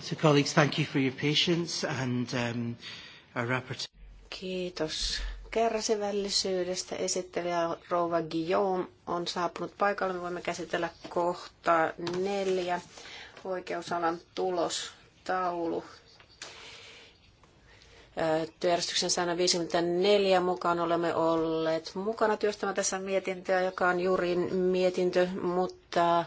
So colleagues, thank you for your patience and um, our rapporteur. Kiitos kärsivällisyydestä. Esittelijä Rouva Guillaume on saapunut paikalle. Me voimme käsitellä kohtaa neljä oikeusalan tulostaulu. Työjärjestyksen säännön 54 mukaan olemme olleet mukana työstämään tässä mietintöä, joka on juuri mietintö, mutta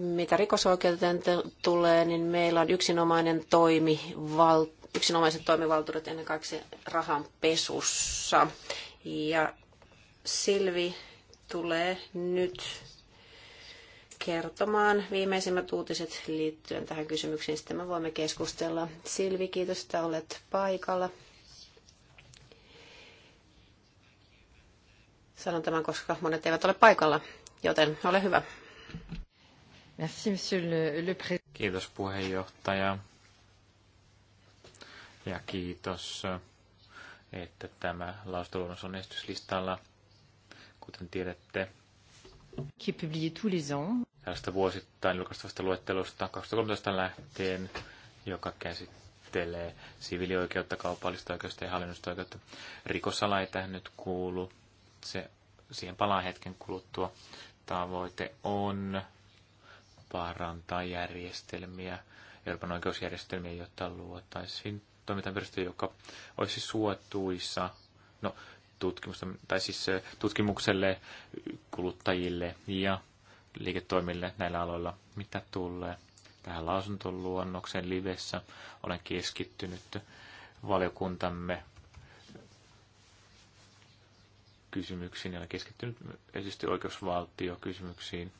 mitä rikosoikeuteen tulee, niin meillä on yksinomainen toimival, yksinomaiset toimivaltuudet ennen kaikkea pesussa. Ja Silvi tulee nyt kertomaan viimeisimmät uutiset liittyen tähän kysymykseen. Sitten me voimme keskustella. Silvi, kiitos, että olet paikalla. Sanon tämän, koska monet eivät ole paikalla, joten ole hyvä. Merci, monsieur le, président. Kiitos puheenjohtaja. Ja kiitos, että tämä lausuntoluonnos on esityslistalla, kuten tiedätte. Qui est publié tous les ans. Tällaista vuosittain julkaistavasta luettelosta 2013 lähtien, joka käsittelee siviilioikeutta, kaupallista oikeutta ja hallinnollista oikeutta. Rikosala ei tähän nyt kuulu. Se, siihen palaa hetken kuluttua. Tavoite on parantaa järjestelmiä, Euroopan oikeusjärjestelmiä, jotta luotaisiin toimintaympäristö, joka olisi suotuisa no, tutkimusta, tai siis tutkimukselle, kuluttajille ja liiketoimille näillä aloilla, mitä tulee tähän lausuntoluonnokseen livessä. Olen keskittynyt valiokuntamme kysymyksiin ja olen keskittynyt esimerkiksi oikeusvaltiokysymyksiin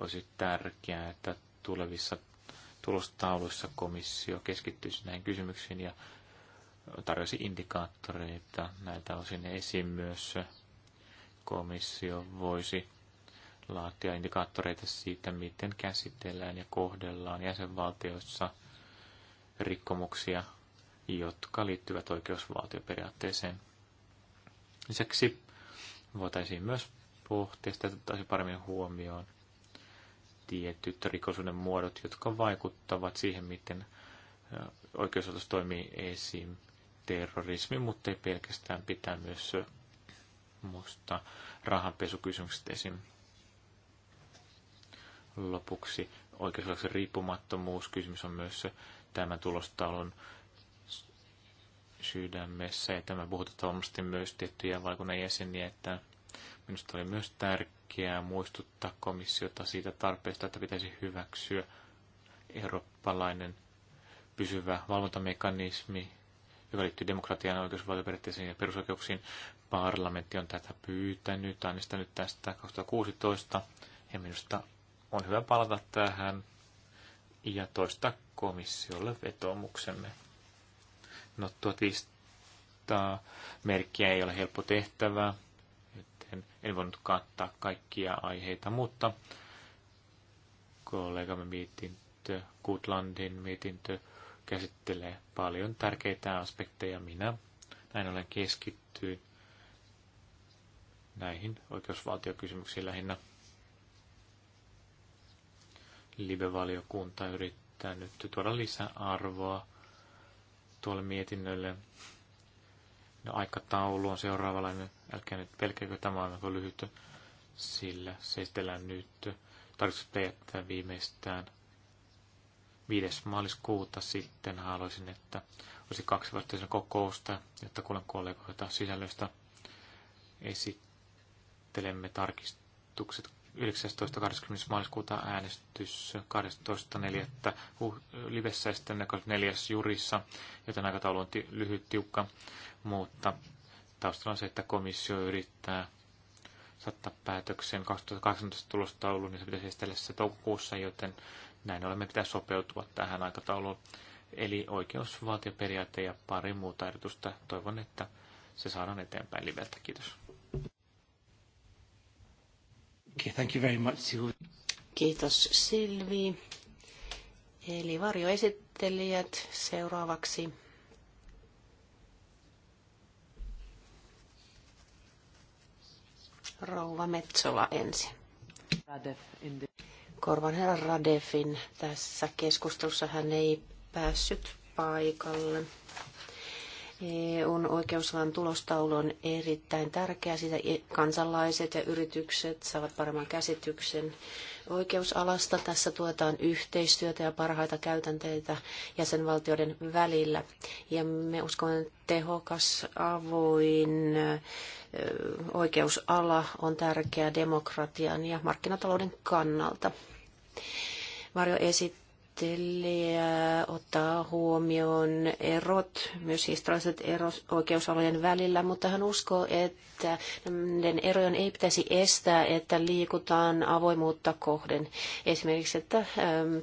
olisi tärkeää, että tulevissa tulostauluissa komissio keskittyisi näihin kysymyksiin ja tarjosi indikaattoreita näitä osin esiin myös. Komissio voisi laatia indikaattoreita siitä, miten käsitellään ja kohdellaan jäsenvaltioissa rikkomuksia, jotka liittyvät oikeusvaltioperiaatteeseen. Lisäksi voitaisiin myös pohtia sitä, että paremmin huomioon tietyt rikosuuden muodot, jotka vaikuttavat siihen, miten oikeusotus toimii esim. terrorismi, mutta ei pelkästään pitää myös musta rahanpesukysymykset esim. Lopuksi oikeuslaitoksen riippumattomuus. Kysymys on myös tämän tulostalon sydämessä ja tämä puhutaan varmasti myös tiettyjä valkunnan jäseniä, että Minusta oli myös tärkeää muistuttaa komissiota siitä tarpeesta, että pitäisi hyväksyä eurooppalainen pysyvä valvontamekanismi, joka liittyy demokratian oikeusvaltioperiaatteisiin ja perusoikeuksiin. Parlamentti on tätä pyytänyt, äänestänyt tästä 2016, ja minusta on hyvä palata tähän ja toista komissiolle vetomuksemme. No 1500 merkkiä ei ole helppo tehtävä, en, en voinut kattaa kaikkia aiheita, mutta kollegamme mietintö, Goodlandin mietintö käsittelee paljon tärkeitä aspekteja. Minä näin ollen keskittyy näihin oikeusvaltiokysymyksiin lähinnä. Live-valiokunta yrittää nyt tuoda lisäarvoa tuolle mietinnölle. No, aikataulu on seuraavanlainen. Älkää nyt pelkääkö, tämä on aika lyhyt, sillä seistellään nyt tarkoitus teettää viimeistään 5. maaliskuuta sitten haluaisin, että olisi kaksi vastaisen kokousta, jotta kuulen kollegoita sisällöstä. Esittelemme tarkistukset 19.20. maaliskuuta äänestys 12.4. livessä ja sitten 4. jurissa, joten aikataulu on ti- lyhyt, tiukka, mutta Taustalla on se, että komissio yrittää saattaa päätöksen 2018 tulostauluun, niin se pitäisi estellä se toukokuussa, joten näin olemme pitää sopeutua tähän aikatauluun. Eli oikeusvaltioperiaate ja pari muuta ehdotusta. Toivon, että se saadaan eteenpäin liveltä. Kiitos. Okay, thank you very much, Silvi. Kiitos Silvi. Eli varjoesittelijät seuraavaksi. Rouva Metsola ensin. Korvan herra Radefin tässä keskustelussa hän ei päässyt paikalle. EUn oikeusalan tulostaulu on erittäin tärkeä, sitä kansalaiset ja yritykset saavat paremman käsityksen oikeusalasta. Tässä tuetaan yhteistyötä ja parhaita käytänteitä jäsenvaltioiden välillä. Ja me uskomme tehokas, avoin oikeusala on tärkeä demokratian ja markkinatalouden kannalta. Varjo esittää esittelijä ottaa huomioon erot, myös historialliset erot oikeusalojen välillä, mutta hän uskoo, että näiden erojen ei pitäisi estää, että liikutaan avoimuutta kohden. Esimerkiksi, että ähm,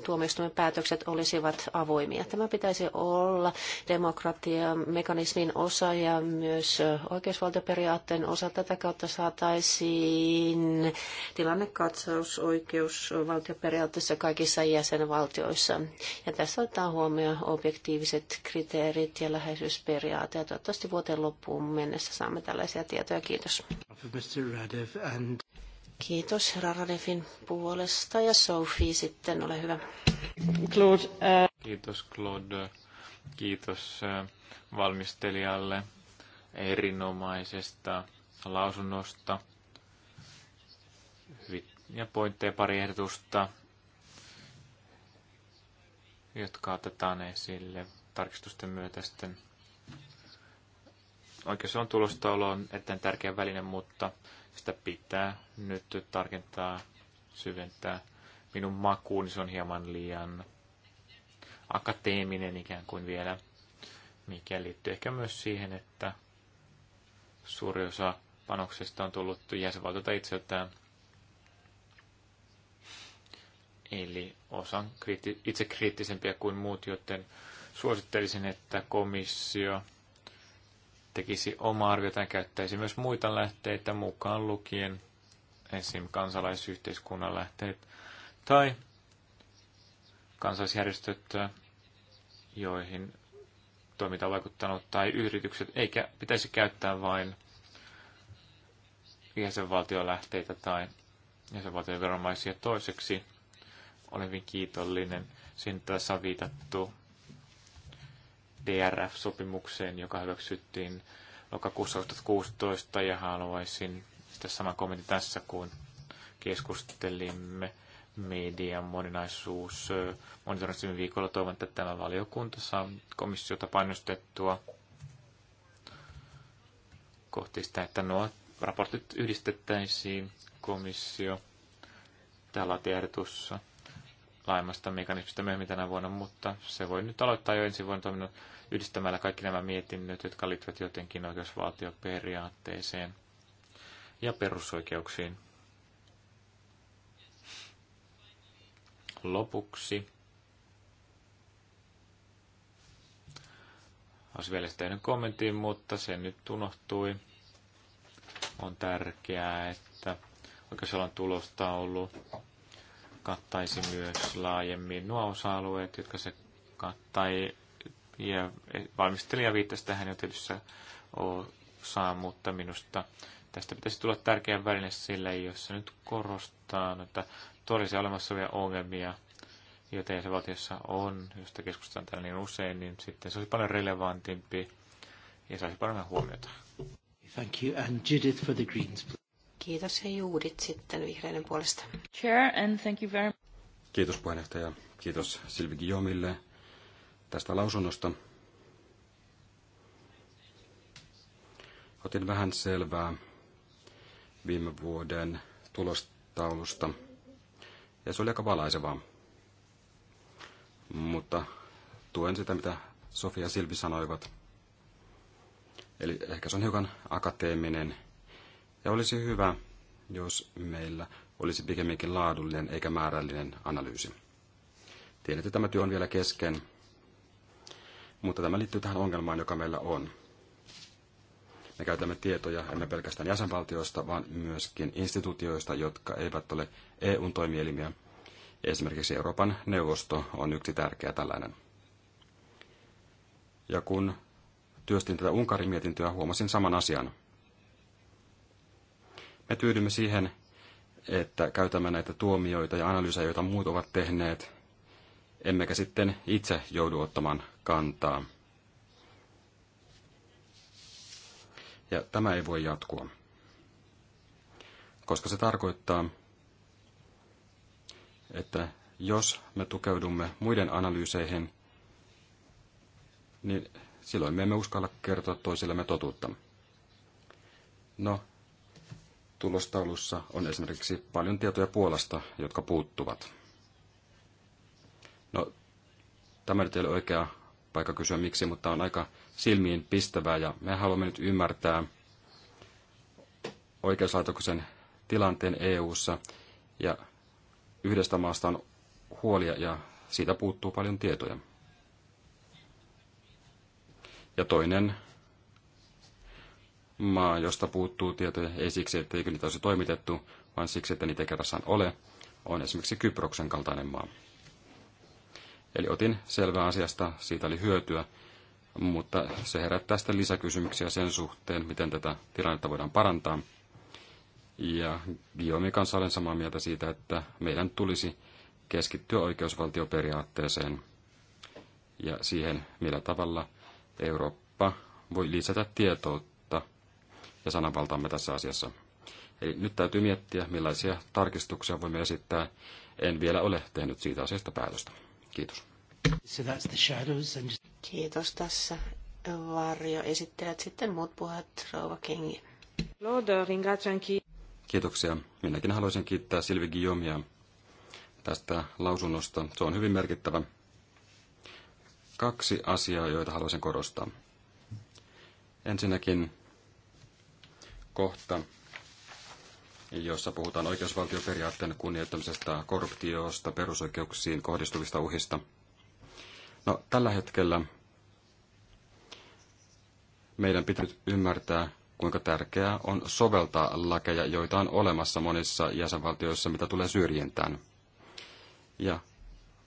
tuomioistuimen päätökset olisivat avoimia. Tämä pitäisi olla demokratiamekanismin osa ja myös äh, oikeusvaltioperiaatteen osa. Tätä kautta saataisiin tilannekatsaus oikeusvaltioperiaatteessa kaikissa jäsenvaltioissa kanssa. Ja tässä ottaa huomioon objektiiviset kriteerit ja läheisyysperiaate. Ja toivottavasti vuoteen loppuun mennessä saamme tällaisia tietoja. Kiitos. Kiitos Raradefin puolesta ja Sophie sitten, ole hyvä. Claude, uh... Kiitos Claude, kiitos äh, valmistelijalle erinomaisesta lausunnosta ja pointteja pari ehdotusta jotka otetaan esille tarkistusten myötä sitten. Oikeus on tulosta on erittäin tärkeä väline, mutta sitä pitää nyt tarkentaa, syventää. Minun makuuni se on hieman liian akateeminen ikään kuin vielä, mikä liittyy ehkä myös siihen, että suuri osa panoksesta on tullut jäsenvaltiota itseltään – eli osan kriti- itse kriittisempiä kuin muut, joten suosittelisin, että komissio tekisi omaa arviota ja käyttäisi myös muita lähteitä mukaan lukien esim. kansalaisyhteiskunnan lähteet tai kansalaisjärjestöt, joihin toiminta on vaikuttanut, tai yritykset, eikä pitäisi käyttää vain jäsenvaltiolähteitä lähteitä tai jäsenvaltion viranomaisia toiseksi. Olen hyvin kiitollinen. Siinä tässä on viitattu DRF-sopimukseen, joka hyväksyttiin lokakuussa 2016 ja haluaisin sitä sama kommentti tässä, kun keskustelimme median moninaisuus monitoroinnin viikolla. Toivon, että tämä valiokunta saa komissiota painostettua kohti sitä, että nuo raportit yhdistettäisiin komissio tällä tiedotussa laajemmasta mekanismista myöhemmin tänä vuonna, mutta se voi nyt aloittaa jo ensi vuonna toiminnan yhdistämällä kaikki nämä mietinnöt, jotka liittyvät jotenkin oikeusvaltioperiaatteeseen ja perusoikeuksiin. Lopuksi olisi vielä tehnyt kommentin, mutta se nyt unohtui. On tärkeää, että oikeusalan tulosta on ollut kattaisi myös laajemmin nuo osa-alueet, jotka se kattai. Ja valmistelija viittasi tähän jo tietyssä osaa, mutta minusta tästä pitäisi tulla tärkeä väline sille, jos se nyt korostaa että todellisia olemassa olevia ongelmia, joita jäsenvaltiossa on, josta keskustellaan täällä niin usein, niin sitten se olisi paljon relevantimpi ja saisi paljon huomiota. Thank you. And Judith for the Greens, Kiitos ja Juudit sitten vihreiden puolesta. Chair and thank you very Kiitos puheenjohtaja. Kiitos Silvi Guillaumille tästä lausunnosta. Otin vähän selvää viime vuoden tulostaulusta ja se oli aika valaisevaa. Mutta tuen sitä, mitä Sofia ja Silvi sanoivat. Eli ehkä se on hiukan akateeminen ja olisi hyvä, jos meillä olisi pikemminkin laadullinen eikä määrällinen analyysi. Tiedän, että tämä työ on vielä kesken, mutta tämä liittyy tähän ongelmaan, joka meillä on. Me käytämme tietoja emme pelkästään jäsenvaltioista, vaan myöskin instituutioista, jotka eivät ole eu toimielimiä. Esimerkiksi Euroopan neuvosto on yksi tärkeä tällainen. Ja kun työstin tätä Unkarin mietintöä, huomasin saman asian – me tyydymme siihen, että käytämme näitä tuomioita ja analyysejä, joita muut ovat tehneet, emmekä sitten itse joudu ottamaan kantaa. Ja tämä ei voi jatkua, koska se tarkoittaa, että jos me tukeudumme muiden analyyseihin, niin silloin me emme uskalla kertoa toisillemme totuutta. No, tulostaulussa on esimerkiksi paljon tietoja Puolasta, jotka puuttuvat. No, tämä nyt ei ole oikea paikka kysyä miksi, mutta on aika silmiin pistävää ja me haluamme nyt ymmärtää oikeuslaitoksen tilanteen EU:ssa ja yhdestä maasta on huolia ja siitä puuttuu paljon tietoja. Ja toinen maa, josta puuttuu tietoja, ei siksi, etteikö niitä olisi toimitettu, vaan siksi, että niitä kerrassaan ole, on esimerkiksi Kyproksen kaltainen maa. Eli otin selvää asiasta, siitä oli hyötyä, mutta se herättää sitten lisäkysymyksiä sen suhteen, miten tätä tilannetta voidaan parantaa. Ja Guillaumin kanssa olen samaa mieltä siitä, että meidän tulisi keskittyä oikeusvaltioperiaatteeseen ja siihen, millä tavalla Eurooppa voi lisätä tietoutta ja sananvaltaamme tässä asiassa. Eli nyt täytyy miettiä, millaisia tarkistuksia voimme esittää. En vielä ole tehnyt siitä asiasta päätöstä. Kiitos. So that's the shadows and... Kiitos tässä. Varjo esittelet sitten muut puhat, Rouva King. Äh, Kiitoksia. Minäkin haluaisin kiittää Silvi Guillaumea tästä lausunnosta. Se on hyvin merkittävä. Kaksi asiaa, joita haluaisin korostaa. Ensinnäkin kohta, jossa puhutaan oikeusvaltioperiaatteen kunnioittamisesta, korruptiosta, perusoikeuksiin kohdistuvista uhista. No, tällä hetkellä meidän pitää ymmärtää, kuinka tärkeää on soveltaa lakeja, joita on olemassa monissa jäsenvaltioissa, mitä tulee syrjintään. Ja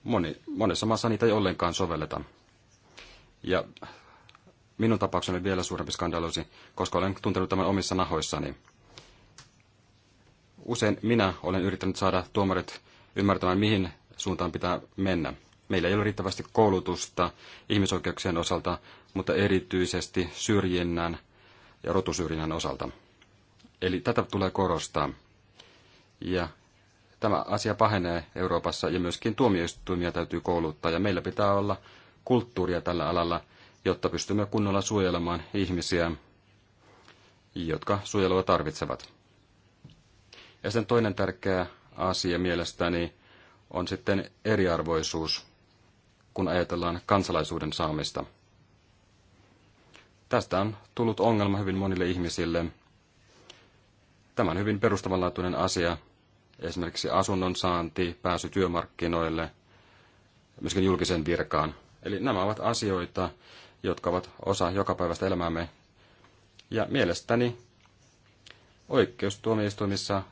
moni, monessa maassa niitä ei ollenkaan sovelleta. Ja minun tapaukseni vielä suurempi skandaloisi, koska olen tuntenut tämän omissa nahoissani. Usein minä olen yrittänyt saada tuomarit ymmärtämään, mihin suuntaan pitää mennä. Meillä ei ole riittävästi koulutusta ihmisoikeuksien osalta, mutta erityisesti syrjinnän ja rotusyrjinnän osalta. Eli tätä tulee korostaa. Ja tämä asia pahenee Euroopassa ja myöskin tuomioistuimia täytyy kouluttaa ja meillä pitää olla kulttuuria tällä alalla, jotta pystymme kunnolla suojelemaan ihmisiä, jotka suojelua tarvitsevat. Ja sen toinen tärkeä asia mielestäni on sitten eriarvoisuus, kun ajatellaan kansalaisuuden saamista. Tästä on tullut ongelma hyvin monille ihmisille. Tämä on hyvin perustavanlaatuinen asia, esimerkiksi asunnon saanti, pääsy työmarkkinoille, myöskin julkisen virkaan. Eli nämä ovat asioita, jotka ovat osa jokapäiväistä elämäämme. Ja mielestäni oikeustuomioistuimissa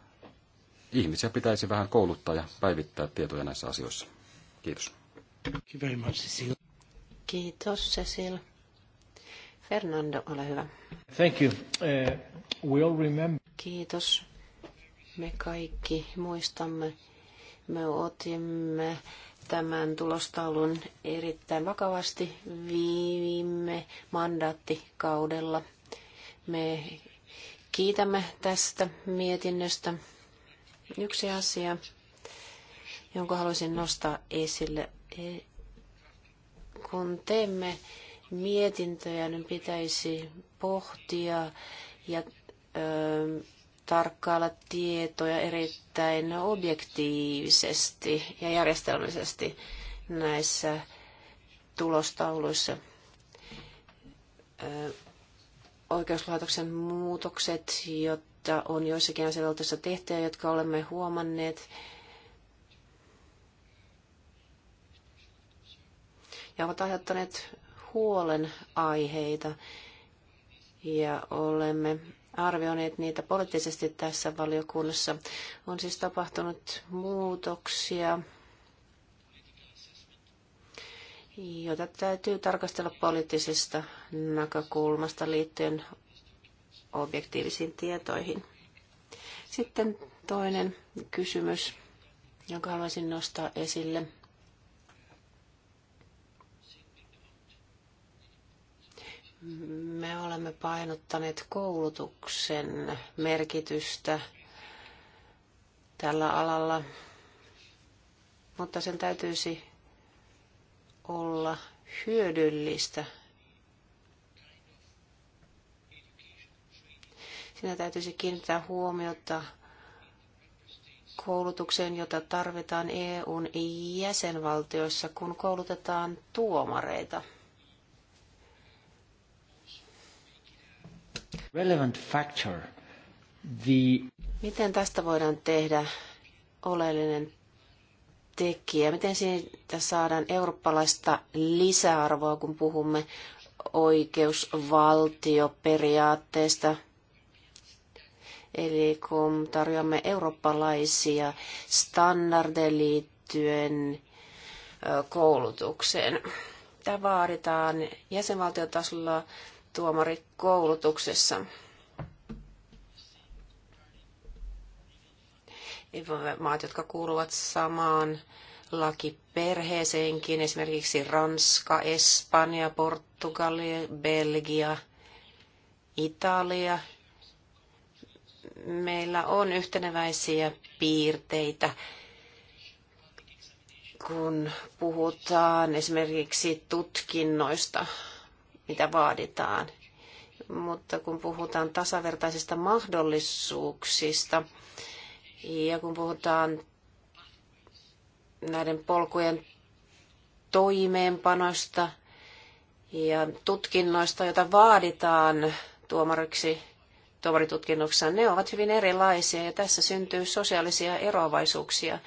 ihmisiä pitäisi vähän kouluttaa ja päivittää tietoja näissä asioissa. Kiitos. Kiitos Cecil. Fernando, ole hyvä. Thank you. Uh, we all remember. Kiitos. Me kaikki muistamme. Me otimme tämän tulostaulun erittäin vakavasti viime mandaattikaudella. Me kiitämme tästä mietinnöstä. Yksi asia, jonka haluaisin nostaa esille. E, kun teemme mietintöjä, niin pitäisi pohtia ja tarkkailla tietoja erittäin objektiivisesti ja järjestelmällisesti näissä tulostauluissa. Oikeuslaitoksen muutokset, jotta on joissakin asioissa tehtäjä, jotka olemme huomanneet, ja ovat aiheuttaneet huolen aiheita. Ja olemme arvioineet niitä poliittisesti tässä valiokunnassa. On siis tapahtunut muutoksia, joita täytyy tarkastella poliittisesta näkökulmasta liittyen objektiivisiin tietoihin. Sitten toinen kysymys, jonka haluaisin nostaa esille – Me olemme painottaneet koulutuksen merkitystä tällä alalla, mutta sen täytyisi olla hyödyllistä. Siinä täytyisi kiinnittää huomiota koulutukseen, jota tarvitaan EUn jäsenvaltioissa, kun koulutetaan tuomareita. Relevant factor. The... Miten tästä voidaan tehdä oleellinen tekijä? Miten siitä saadaan eurooppalaista lisäarvoa, kun puhumme oikeusvaltioperiaatteesta? Eli kun tarjoamme eurooppalaisia standardeja liittyen koulutukseen. Tämä vaaditaan jäsenvaltiotasolla tuomarikoulutuksessa. Maat, jotka kuuluvat samaan lakiperheeseenkin, esimerkiksi Ranska, Espanja, Portugali, Belgia, Italia. Meillä on yhteneväisiä piirteitä, kun puhutaan esimerkiksi tutkinnoista mitä vaaditaan. Mutta kun puhutaan tasavertaisista mahdollisuuksista ja kun puhutaan näiden polkujen toimeenpanosta ja tutkinnoista, joita vaaditaan tuomariksi tuomaritutkinnoksessa, ne ovat hyvin erilaisia ja tässä syntyy sosiaalisia eroavaisuuksia.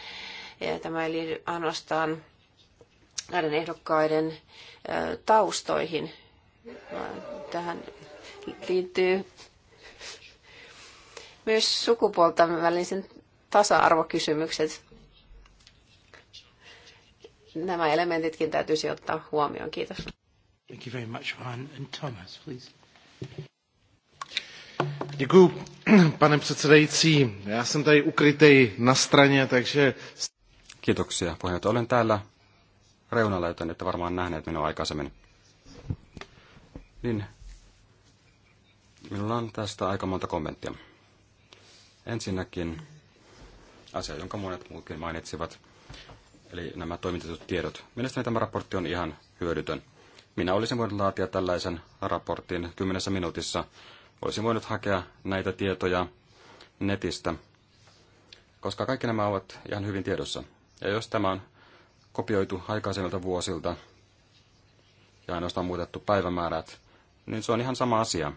Ja tämä ei liity ainoastaan näiden ehdokkaiden taustoihin. Tähän liittyy myös sukupuolten välisen tasa-arvokysymykset. Nämä elementitkin täytyisi ottaa huomioon. Kiitos. Thank you very much, Juan. And Thomas, please. Děkuji, *clears throat* pane předsedající. Já jsem tady ukrytej na straně, takže... Kiitoksia, puheenjohtaja. Olen täällä reunalla, joten että varmaan nähneet minua aikaisemmin. Niin, minulla on tästä aika monta kommenttia. Ensinnäkin asia, jonka monet muutkin mainitsivat, eli nämä toimitetut tiedot. Mielestäni tämä raportti on ihan hyödytön. Minä olisin voinut laatia tällaisen raportin kymmenessä minuutissa. Olisin voinut hakea näitä tietoja netistä, koska kaikki nämä ovat ihan hyvin tiedossa. Ja jos tämä on kopioitu aikaisemmilta vuosilta ja ainoastaan muutettu päivämäärät, niin se on ihan sama asia.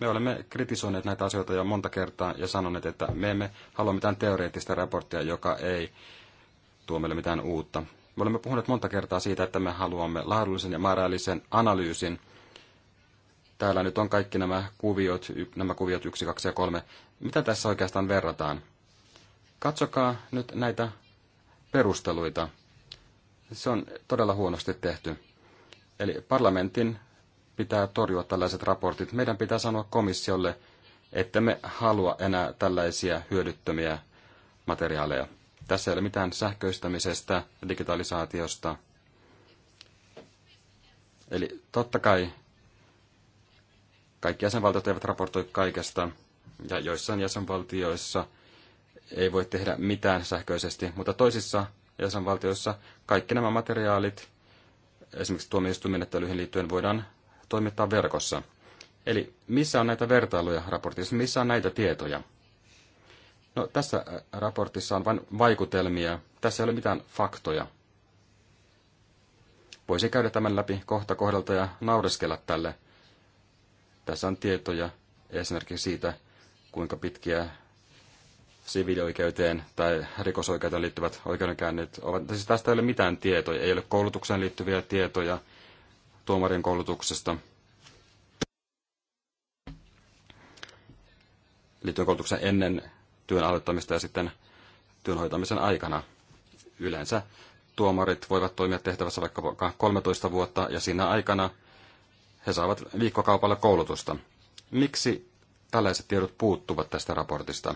Me olemme kritisoineet näitä asioita jo monta kertaa ja sanoneet, että me emme halua mitään teoreettista raporttia, joka ei tuo meille mitään uutta. Me olemme puhuneet monta kertaa siitä, että me haluamme laadullisen ja määrällisen analyysin. Täällä nyt on kaikki nämä kuviot, nämä kuviot 1, 2 ja 3. Mitä tässä oikeastaan verrataan? Katsokaa nyt näitä perusteluita. Se on todella huonosti tehty. Eli parlamentin pitää torjua tällaiset raportit. Meidän pitää sanoa komissiolle, että me halua enää tällaisia hyödyttömiä materiaaleja. Tässä ei ole mitään sähköistämisestä, digitalisaatiosta. Eli totta kai kaikki jäsenvaltiot eivät raportoi kaikesta, ja joissain jäsenvaltioissa ei voi tehdä mitään sähköisesti, mutta toisissa jäsenvaltioissa kaikki nämä materiaalit, esimerkiksi tuomioistuinmenettelyihin liittyen, voidaan toimittaa verkossa. Eli missä on näitä vertailuja raportissa, missä on näitä tietoja? No, tässä äh, raportissa on vain vaikutelmia, tässä ei ole mitään faktoja. Voisi käydä tämän läpi kohta kohdalta ja naureskella tälle. Tässä on tietoja esimerkiksi siitä, kuinka pitkiä siviilioikeuteen tai rikosoikeuteen liittyvät oikeudenkäynnit ovat. Siis tästä ei ole mitään tietoja, ei ole koulutukseen liittyviä tietoja, tuomarin koulutuksesta liittyen koulutuksen ennen työn aloittamista ja sitten työn hoitamisen aikana. Yleensä tuomarit voivat toimia tehtävässä vaikka 13 vuotta ja siinä aikana he saavat viikkokaupalla koulutusta. Miksi tällaiset tiedot puuttuvat tästä raportista?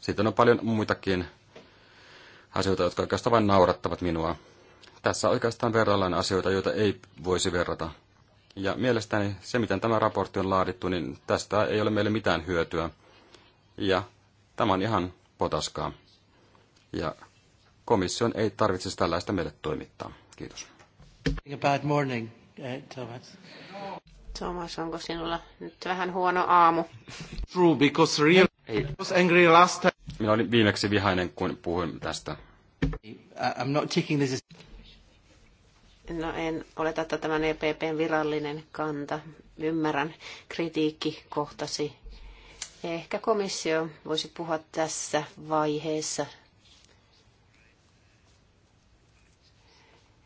Sitten on paljon muitakin asioita, jotka oikeastaan vain naurattavat minua tässä oikeastaan verrallaan asioita, joita ei voisi verrata. Ja mielestäni se, miten tämä raportti on laadittu, niin tästä ei ole meille mitään hyötyä. Ja tämä on ihan potaskaa. Ja komission ei tarvitsisi tällaista meille toimittaa. Kiitos. A bad morning, eh, Thomas. Thomas, onko sinulla nyt vähän huono aamu? True, because real... Ei. Was angry last time. Minä olin viimeksi vihainen, kun puhuin tästä. I'm not taking this... No en oleta, että tämän EPPn virallinen kanta. Ymmärrän kohtasi. Ehkä komissio voisi puhua tässä vaiheessa.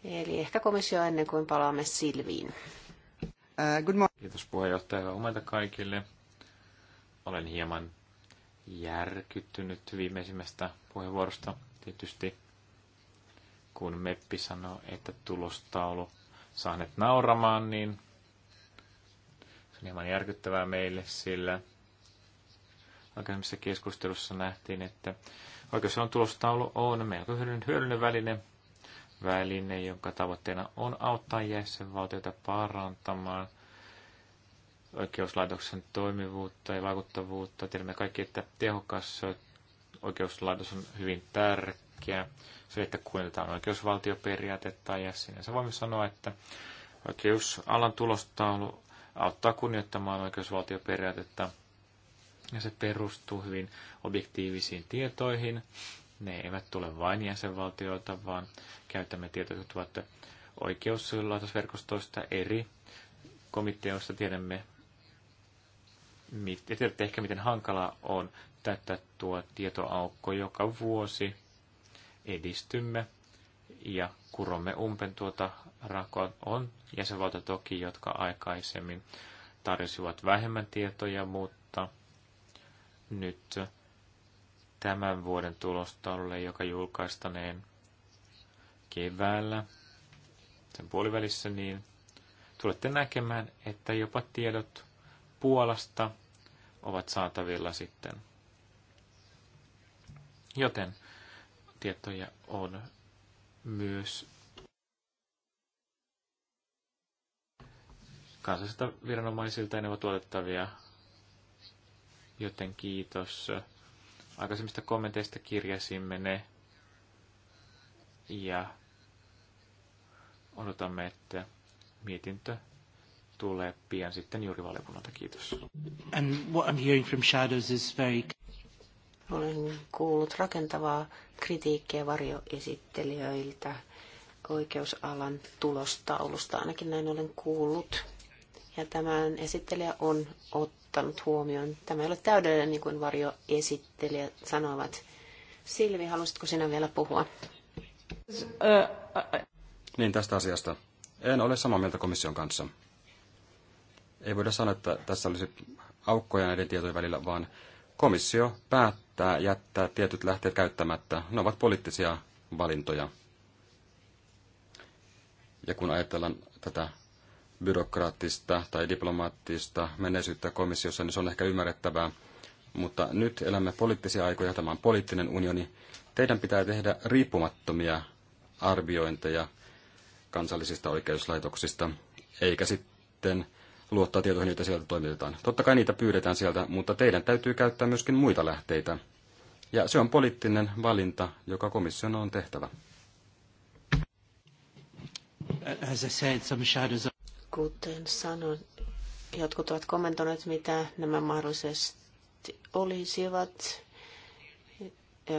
Eli ehkä komissio ennen kuin palaamme Silviin. Äh, good morning. Kiitos puheenjohtaja. Omalta kaikille. Olen hieman järkyttynyt viimeisimmästä puheenvuorosta tietysti kun Meppi sanoi, että tulostaulu saaneet nauramaan, niin se on hieman järkyttävää meille, sillä aikaisemmissa keskustelussa nähtiin, että on tulostaulu on melko hyödyllinen väline, väline, jonka tavoitteena on auttaa jäsenvaltioita parantamaan oikeuslaitoksen toimivuutta ja vaikuttavuutta. Tiedämme kaikki, että tehokas oikeuslaitos on hyvin tärkeä tärkeää. Se, että kunnioitetaan oikeusvaltioperiaatetta ja sinänsä voimme sanoa, että oikeusalan tulostaulu auttaa kunnioittamaan oikeusvaltioperiaatetta ja se perustuu hyvin objektiivisiin tietoihin. Ne eivät tule vain jäsenvaltioilta, vaan käytämme tietoja, jotka ovat oikeuslaitosverkostoista eri komiteoista. Tiedämme, ja tiedätte ehkä, miten hankalaa on täyttää tuo tietoaukko joka vuosi edistymme ja kuromme umpen tuota rakoa. On jäsenvalta toki, jotka aikaisemmin tarjosivat vähemmän tietoja, mutta nyt tämän vuoden tulostalle joka julkaistaneen keväällä sen puolivälissä, niin tulette näkemään, että jopa tiedot Puolasta ovat saatavilla sitten. Joten tietoja on myös kansallisilta viranomaisilta ja ne ovat luotettavia. Joten kiitos. Aikaisemmista kommenteista kirjasimme ne ja odotamme, että mietintö tulee pian sitten juuri valiokunnalta. Kiitos. And what I'm hearing from shadows is very... Olen kuullut rakentavaa kritiikkiä varjoesittelijöiltä oikeusalan tulostaulusta, ainakin näin olen kuullut. Ja tämän esittelijä on ottanut huomioon. Tämä ei ole täydellinen, niin kuin varjoesittelijä sanovat. Silvi, halusitko sinä vielä puhua? Niin, tästä asiasta. En ole samaa mieltä komission kanssa. Ei voida sanoa, että tässä olisi aukkoja näiden tietojen välillä, vaan komissio päättää, päättää jättää tietyt lähteet käyttämättä. Ne ovat poliittisia valintoja. Ja kun ajatellaan tätä byrokraattista tai diplomaattista menneisyyttä komissiossa, niin se on ehkä ymmärrettävää. Mutta nyt elämme poliittisia aikoja, tämä on poliittinen unioni. Teidän pitää tehdä riippumattomia arviointeja kansallisista oikeuslaitoksista, eikä sitten luottaa tietoihin, joita sieltä toimitetaan. Totta kai niitä pyydetään sieltä, mutta teidän täytyy käyttää myöskin muita lähteitä. Ja se on poliittinen valinta, joka komission on tehtävä. Kuten sanoin, jotkut ovat kommentoineet, mitä nämä mahdollisesti olisivat,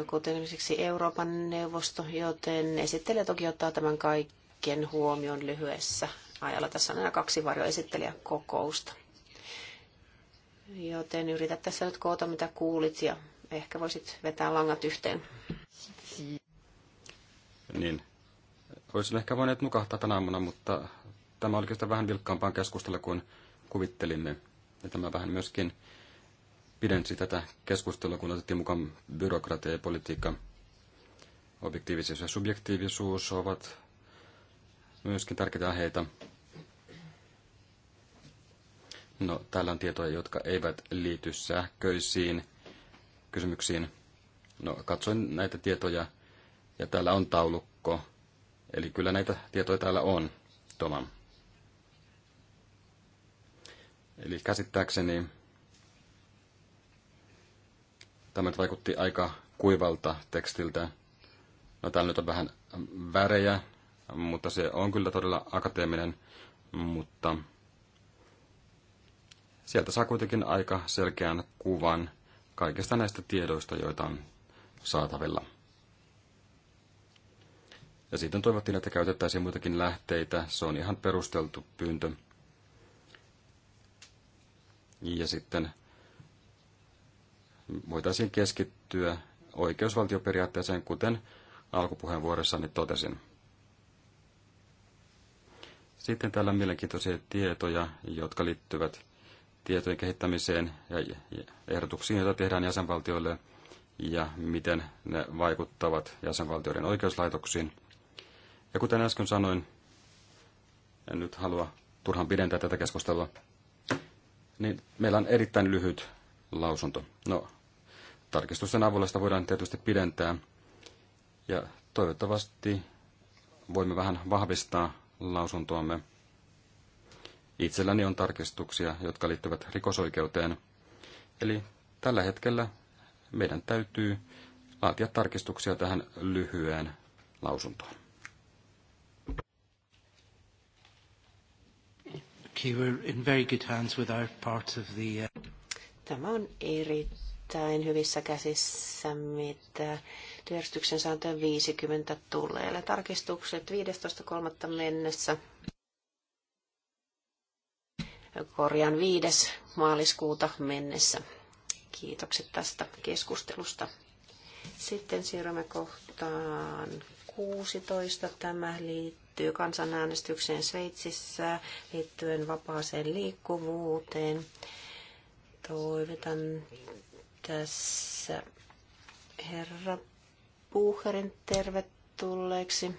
kuten esimerkiksi Euroopan neuvosto, joten esittelijä toki ottaa tämän kaiken huomioon lyhyessä ajalla. Tässä on nämä kaksi kokousta, Joten yritä tässä nyt koota, mitä kuulit ja Ehkä voisit vetää langat yhteen. Niin. Olisin ehkä voinut nukahtaa tänä aamuna, mutta tämä oli kyllä vähän vilkkaampaan keskustella kuin kuvittelimme. Ja tämä vähän myöskin pidensi tätä keskustelua, kun otettiin mukaan byrokratia ja politiikka. Objektiivisuus ja subjektiivisuus ovat myöskin tärkeitä aiheita. No, täällä on tietoja, jotka eivät liity sähköisiin kysymyksiin. No, katsoin näitä tietoja ja täällä on taulukko. Eli kyllä näitä tietoja täällä on, Toma. Eli käsittääkseni tämä vaikutti aika kuivalta tekstiltä. No täällä nyt on vähän värejä, mutta se on kyllä todella akateeminen, mutta sieltä saa kuitenkin aika selkeän kuvan – kaikesta näistä tiedoista, joita on saatavilla. Ja sitten toivottiin, että käytettäisiin muitakin lähteitä. Se on ihan perusteltu pyyntö. Ja sitten voitaisiin keskittyä oikeusvaltioperiaatteeseen, kuten alkupuheenvuorossani totesin. Sitten täällä on mielenkiintoisia tietoja, jotka liittyvät tietojen kehittämiseen ja ehdotuksiin, joita tehdään jäsenvaltioille ja miten ne vaikuttavat jäsenvaltioiden oikeuslaitoksiin. Ja kuten äsken sanoin, en nyt halua turhan pidentää tätä keskustelua, niin meillä on erittäin lyhyt lausunto. No, tarkistusten avulla sitä voidaan tietysti pidentää, ja toivottavasti voimme vähän vahvistaa lausuntoamme. Itselläni on tarkistuksia, jotka liittyvät rikosoikeuteen. Eli tällä hetkellä meidän täytyy laatia tarkistuksia tähän lyhyeen lausuntoon. Uh, Tämä on erittäin hyvissä käsissä, mitä työjärjestyksen sääntöön 50 tulee. Eli tarkistukset 15.3. mennessä korjaan 5. maaliskuuta mennessä. Kiitokset tästä keskustelusta. Sitten siirrymme kohtaan 16. Tämä liittyy kansanäänestykseen Sveitsissä liittyen vapaaseen liikkuvuuteen. Toivotan tässä herra Bucherin tervetulleeksi.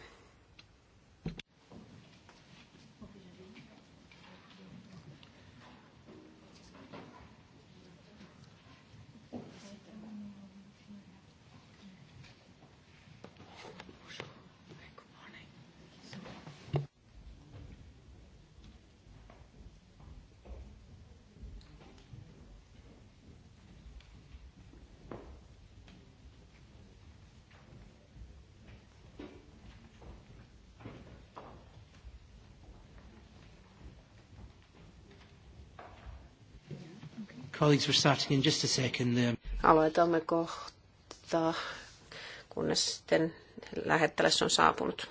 colleagues, we're starting in just a second. There. Um, Aloitamme kohta, kunnes sitten lähettiläs on saapunut.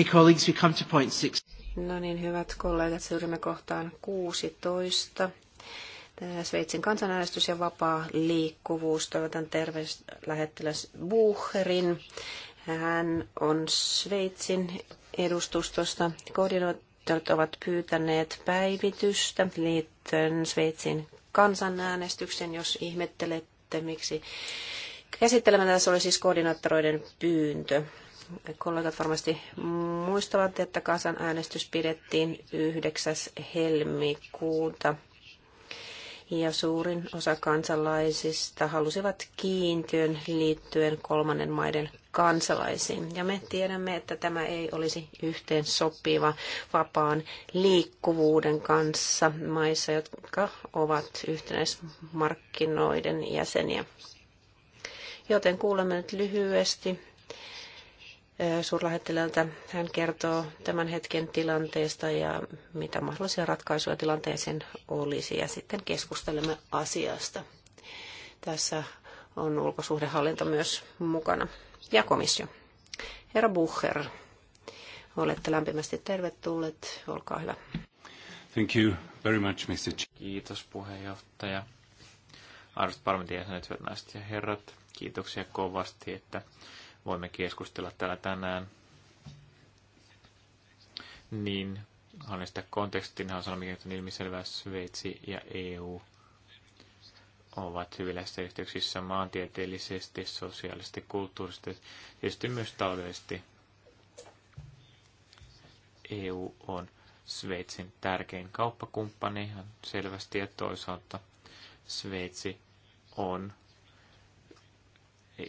Okay, colleagues, we come to point six. No niin, hyvät kollegat, siirrymme kohtaan 16. Tämä Sveitsin kansanäänestys ja vapaa liikkuvuus. Toivotan lähettiläs Bucherin. Hän on Sveitsin edustustosta. Koordinoittajat ovat pyytäneet päivitystä liittyen Sveitsin kansanäänestyksen, jos ihmettelette, miksi käsittelemään tässä oli siis koordinaattoreiden pyyntö. Kollegat varmasti muistavat, että Kasan äänestys pidettiin 9. helmikuuta. Ja suurin osa kansalaisista halusivat kiintiön liittyen kolmannen maiden kansalaisiin. Ja me tiedämme, että tämä ei olisi yhteen sopiva vapaan liikkuvuuden kanssa maissa, jotka ovat yhtenäismarkkinoiden jäseniä. Joten kuulemme nyt lyhyesti suurlähettiläältä. Hän kertoo tämän hetken tilanteesta ja mitä mahdollisia ratkaisuja tilanteeseen olisi ja sitten keskustelemme asiasta. Tässä on ulkosuhdehallinto myös mukana ja komissio. Herra Bucher, olette lämpimästi tervetulleet. Olkaa hyvä. Thank you very much, Mr. Kiitos puheenjohtaja. Arvoisat parlamentin jäsenet, hyvät naiset ja herrat, kiitoksia kovasti, että Voimme keskustella täällä tänään. Niin, hän sitä kontekstin, hän sanoa, että on ilmiselvää, Sveitsi ja EU ovat hyvillä yhteyksissä maantieteellisesti, sosiaalisesti, kulttuurisesti, tietysti myös taloudellisesti. EU on Sveitsin tärkein kauppakumppani, ihan selvästi, ja toisaalta Sveitsi on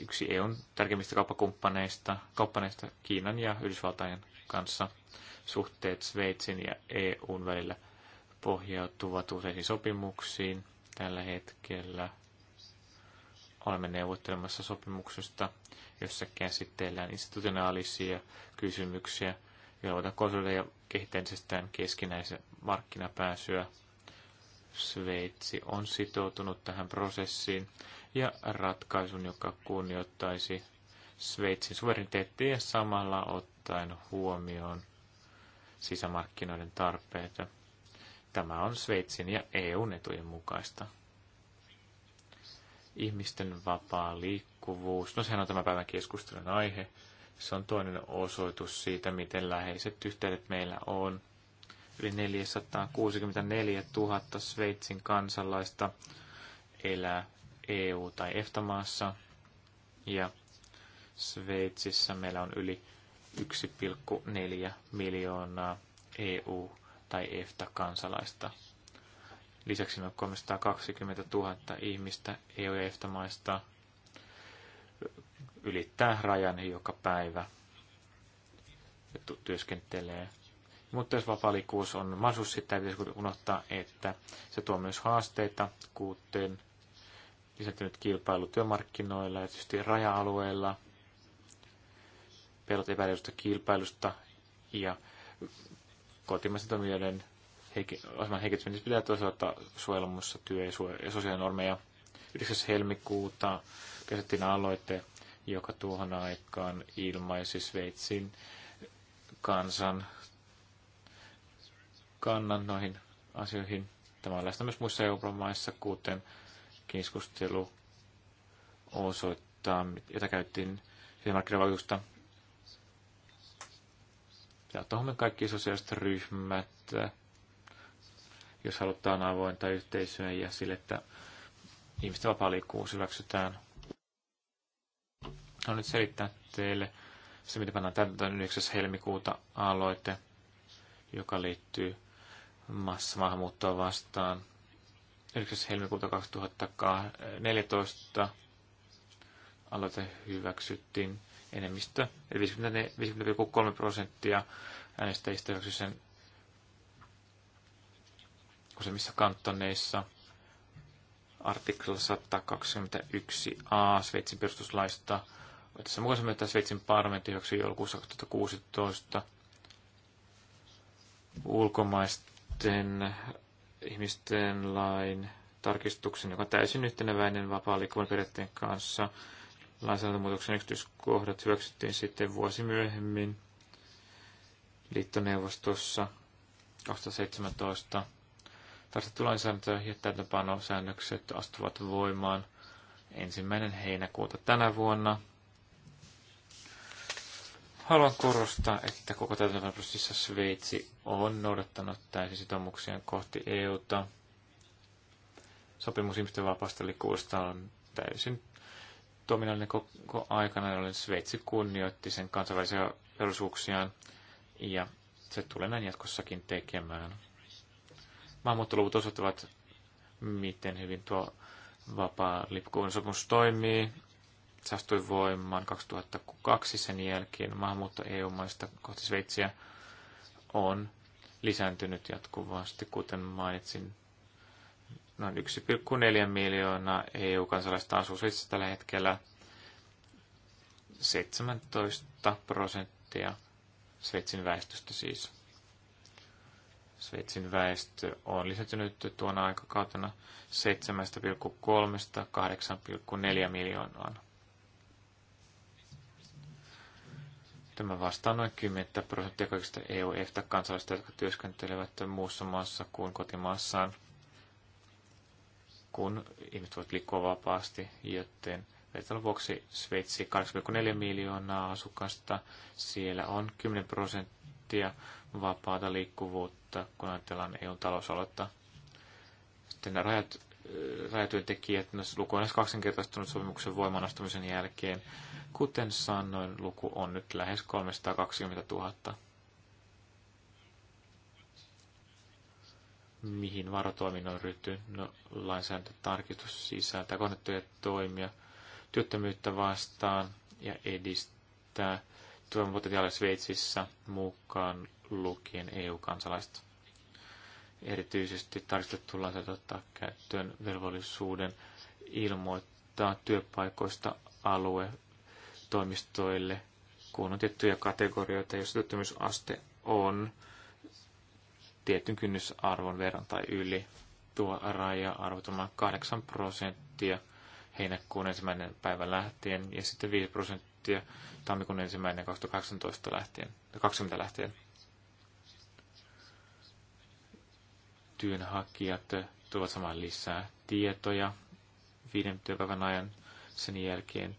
yksi EUn tärkeimmistä kauppakumppaneista, kauppaneista Kiinan ja Yhdysvaltain kanssa. Suhteet Sveitsin ja EUn välillä pohjautuvat useisiin sopimuksiin. Tällä hetkellä olemme neuvottelemassa sopimuksesta, jossa käsitellään institutionaalisia kysymyksiä, joilla voidaan konsolidoida kehittää keskinäisen markkinapääsyä – Sveitsi on sitoutunut tähän prosessiin ja ratkaisun, joka kunnioittaisi Sveitsin suvereniteettia ja samalla ottaen huomioon sisämarkkinoiden tarpeita. Tämä on Sveitsin ja EUn etujen mukaista. Ihmisten vapaa liikkuvuus, no sehän on tämän päivän keskustelun aihe. Se on toinen osoitus siitä, miten läheiset yhteydet meillä on Yli 464 000 Sveitsin kansalaista elää EU- tai EFTA-maassa. Ja Sveitsissä meillä on yli 1,4 miljoonaa EU- tai EFTA-kansalaista. Lisäksi noin 320 000 ihmistä EU- ja EFTA-maista ylittää rajan joka päivä ja työskentelee mutta jos vapaaliikkuvuus on mahdollisuus, sitten ei pitäisi unohtaa, että se tuo myös haasteita, kuten lisääntynyt kilpailu työmarkkinoilla ja tietysti raja-alueilla, pelot epäilystä kilpailusta ja kotimaisen toimijoiden heike- aseman heikentyminen pitää toisaalta suojella muissa työ- ja, ja sosiaalinormeja. 9. helmikuuta käsittiin aloite, joka tuohon aikaan ilmaisi Sveitsin kansan kannan noihin asioihin. Tämä on läsnä myös muissa Euroopan maissa, kuten keskustelu osoittaa, jota käytiin sisämarkkinavaikutusta. Ja tuohon kaikki sosiaaliset ryhmät, jos halutaan avointa yhteisöä ja sille, että ihmisten vapaa liikkuvuus hyväksytään. Haluan nyt selittää teille se, mitä pannaan tämän 9. helmikuuta aloite, joka liittyy massamaahanmuuttoa vastaan. 9. helmikuuta 2014 aloite hyväksyttiin enemmistö, eli 50,3 prosenttia äänestäjistä hyväksyi sen useimmissa kantoneissa. Artikla 121a Sveitsin perustuslaista. Tässä se että Sveitsin parlamentti hyväksyi joulukuussa 2016 ulkomaista sitten ihmisten lain tarkistuksen, joka on täysin yhteneväinen vapaa periaatteen kanssa. Lainsäädäntömuutoksen yksityiskohdat hyväksyttiin sitten vuosi myöhemmin liittoneuvostossa 2017. Tarkistettu lainsäädäntö ja täytäntöpanosäännökset astuvat voimaan ensimmäinen heinäkuuta tänä vuonna – Haluan korostaa, että koko täytäntöprosessissa Sveitsi on noudattanut täysin sitoumuksia kohti EUta. Sopimus ihmisten vapaasta liikkuvuudesta on täysin toiminnallinen koko aikana, jolloin Sveitsi kunnioitti sen kansainvälisiä velvollisuuksiaan ja se tulee näin jatkossakin tekemään. Maahanmuuttoluvut osoittavat, miten hyvin tuo vapaa lipkuun sopimus toimii. Se astui voimaan 2002 sen jälkeen. Maahanmuutto EU-maista kohti Sveitsiä on lisääntynyt jatkuvasti, kuten mainitsin. Noin 1,4 miljoonaa EU-kansalaista asuu Sveitsissä tällä hetkellä. 17 prosenttia Sveitsin väestöstä siis. Sveitsin väestö on lisääntynyt tuona aikakautena 7,3-8,4 miljoonaa. Tämä vastaa noin 10 prosenttia kaikista EU-EFTA kansalaisista, jotka työskentelevät muussa maassa kuin kotimaassaan, kun ihmiset voivat liikkua vapaasti, joten vertailun vuoksi Sveitsi 8,4 miljoonaa asukasta, siellä on 10 prosenttia vapaata liikkuvuutta, kun ajatellaan EU-talousaloitta. Sitten nämä rajat, rajatyöntekijät, no, luku on kaksinkertaistunut sopimuksen voimanastumisen jälkeen, Kuten sanoin, luku on nyt lähes 320 000. Mihin varotoiminnon ryhtyy? No, lainsäädäntötarkistus sisältää kohdettuja toimia työttömyyttä vastaan ja edistää työvoimapotentiaalia Sveitsissä mukaan lukien EU-kansalaiset. Erityisesti tarkistettu lainsäädäntö ottaa käyttöön velvollisuuden ilmoittaa työpaikoista alue- toimistoille, kun on tiettyjä kategorioita, jos työttömyysaste on tietyn kynnysarvon verran tai yli. Tuo raja on 8 prosenttia heinäkuun ensimmäinen päivä lähtien ja sitten 5 prosenttia tammikuun ensimmäinen 2018 lähtien, 20 lähtien. Työnhakijat tuovat saman lisää tietoja viiden työpäivän ajan sen jälkeen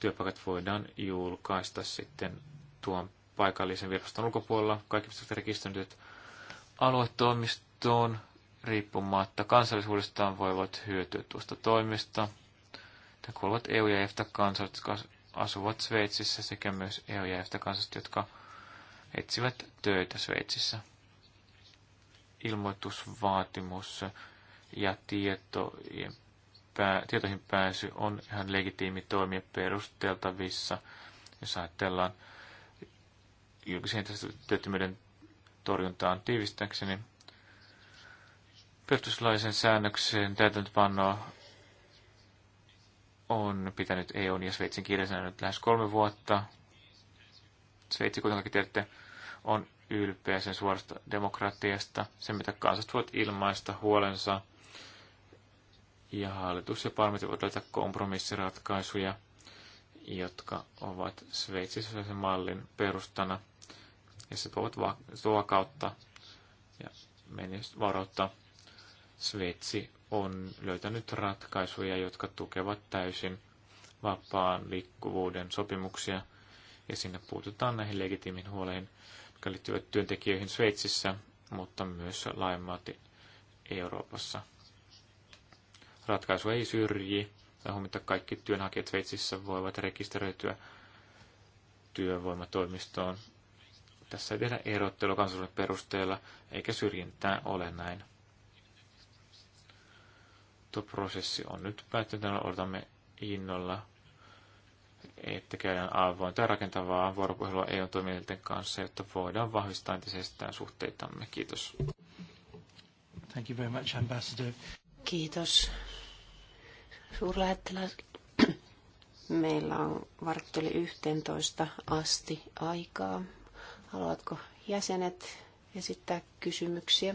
työpaikat voidaan julkaista sitten tuon paikallisen viraston ulkopuolella. Kaikki pystyvät rekisteröityt aluetoimistoon riippumatta kansallisuudestaan voivat hyötyä tuosta toimista. Tämä kuuluvat EU- ja EFTA-kansalaiset, jotka asuvat Sveitsissä sekä myös EU- ja EFTA-kansalaiset, jotka etsivät töitä Sveitsissä. Ilmoitusvaatimus ja tietojen pää, tietoihin pääsy on ihan legitiimi toimia perusteltavissa, jos ajatellaan julkisen työttömyyden torjuntaan tiivistäkseni. Perustuslaisen säännöksen täytäntöpanoa on pitänyt EUn ja Sveitsin kirjasena nyt lähes kolme vuotta. Sveitsi, kuten kaikki tiedätte, on ylpeä sen suorasta demokratiasta, sen mitä kansat voivat ilmaista huolensa ja hallitus ja parlamentti voivat löytää kompromissiratkaisuja, jotka ovat sveitsiläisen mallin perustana, ja se voivat vakautta ja varoittaa. Sveitsi on löytänyt ratkaisuja, jotka tukevat täysin vapaan liikkuvuuden sopimuksia, ja sinne puututaan näihin legitiimin huoleihin, jotka liittyvät työntekijöihin Sveitsissä, mutta myös laajemmalti Euroopassa. Ratkaisu ei syrji ja huomioon, kaikki työnhakijat Sveitsissä voivat rekisteröityä työvoimatoimistoon. Tässä ei tehdä erottelu kansallisuuden perusteella, eikä syrjintää ole näin. Tuo prosessi on nyt päättynyt, odotamme innolla, että käydään avointa ja rakentavaa vuoropuhelua EU-toimijoiden kanssa, jotta voidaan vahvistaa entisestään suhteitamme. Kiitos. Thank you very much, Ambassador. Kiitos. Suurlähettiläs, meillä on varttuli 11 asti aikaa. Haluatko jäsenet esittää kysymyksiä?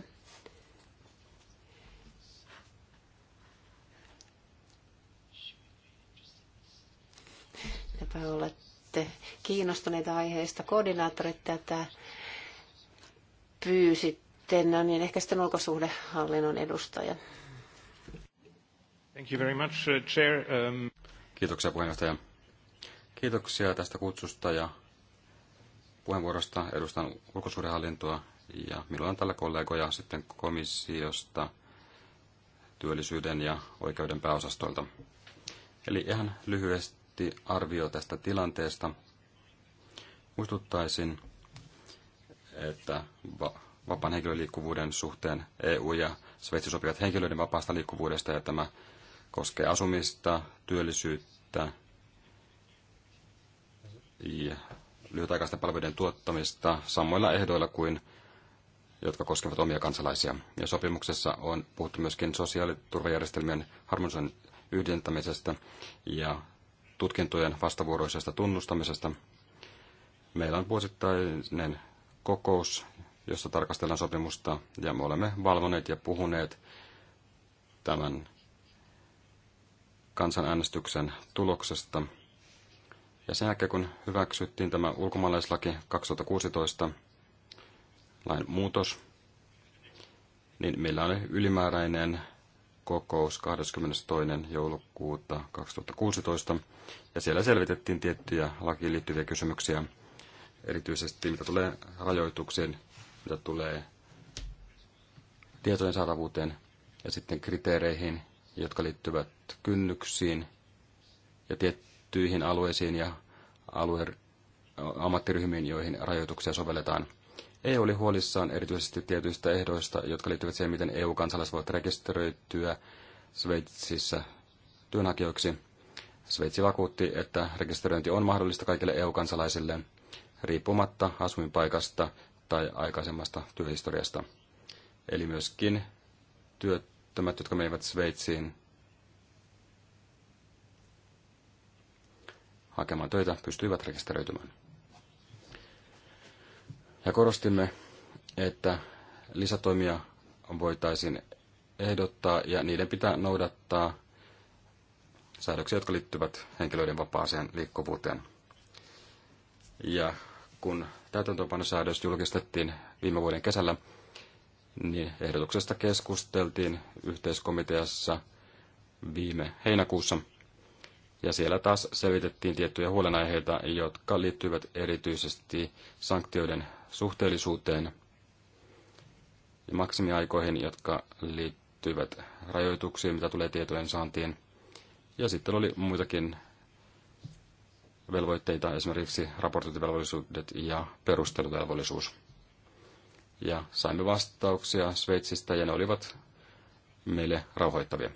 Tepä olette kiinnostuneita aiheista. Koordinaattorit tätä pyysitte, no niin ehkä sitten ulkosuhdehallinnon edustajan. Thank you very much, uh, Chair. Um... Kiitoksia puheenjohtaja. Kiitoksia tästä kutsusta ja puheenvuorosta. Edustan ulkosuhdehallintoa ja minulla on tällä kollegoja sitten komissiosta, työllisyyden ja oikeuden pääosastoilta. Eli ihan lyhyesti arvio tästä tilanteesta. Muistuttaisin, että va- vapaan henkilöliikkuvuuden suhteen EU ja Sveitsi sopivat henkilöiden vapaasta liikkuvuudesta ja tämä koskee asumista, työllisyyttä ja lyhytaikaisten palveluiden tuottamista samoilla ehdoilla kuin jotka koskevat omia kansalaisia. Ja sopimuksessa on puhuttu myöskin sosiaaliturvajärjestelmien harmonisoinnin yhdentämisestä ja tutkintojen vastavuoroisesta tunnustamisesta. Meillä on vuosittainen kokous, jossa tarkastellaan sopimusta, ja me olemme valvoneet ja puhuneet tämän kansanäänestyksen tuloksesta. Ja sen jälkeen, kun hyväksyttiin tämä ulkomaalaislaki 2016, lain muutos, niin meillä oli ylimääräinen kokous 22. joulukuuta 2016, ja siellä selvitettiin tiettyjä lakiin liittyviä kysymyksiä, erityisesti mitä tulee rajoituksiin, mitä tulee tietojen saatavuuteen ja sitten kriteereihin, jotka liittyvät kynnyksiin ja tiettyihin alueisiin ja alue, ammattiryhmiin, joihin rajoituksia sovelletaan. EU oli huolissaan erityisesti tietyistä ehdoista, jotka liittyvät siihen, miten EU-kansalaiset voivat rekisteröityä Sveitsissä työnhakijoiksi. Sveitsi vakuutti, että rekisteröinti on mahdollista kaikille EU-kansalaisille riippumatta asuinpaikasta tai aikaisemmasta työhistoriasta. Eli myöskin työt työttömät, jotka menivät Sveitsiin hakemaan töitä, pystyivät rekisteröitymään. Ja korostimme, että lisätoimia voitaisiin ehdottaa ja niiden pitää noudattaa säädöksiä, jotka liittyvät henkilöiden vapaaseen liikkuvuuteen. Ja kun täytäntöönpanosäädös julkistettiin viime vuoden kesällä, niin ehdotuksesta keskusteltiin yhteiskomiteassa viime heinäkuussa. Ja siellä taas selvitettiin tiettyjä huolenaiheita, jotka liittyvät erityisesti sanktioiden suhteellisuuteen ja maksimiaikoihin, jotka liittyvät rajoituksiin, mitä tulee tietojen saantiin. Ja sitten oli muitakin velvoitteita, esimerkiksi raportointivelvollisuudet ja perusteluvelvollisuus ja saimme vastauksia Sveitsistä ja ne olivat meille rauhoittavia.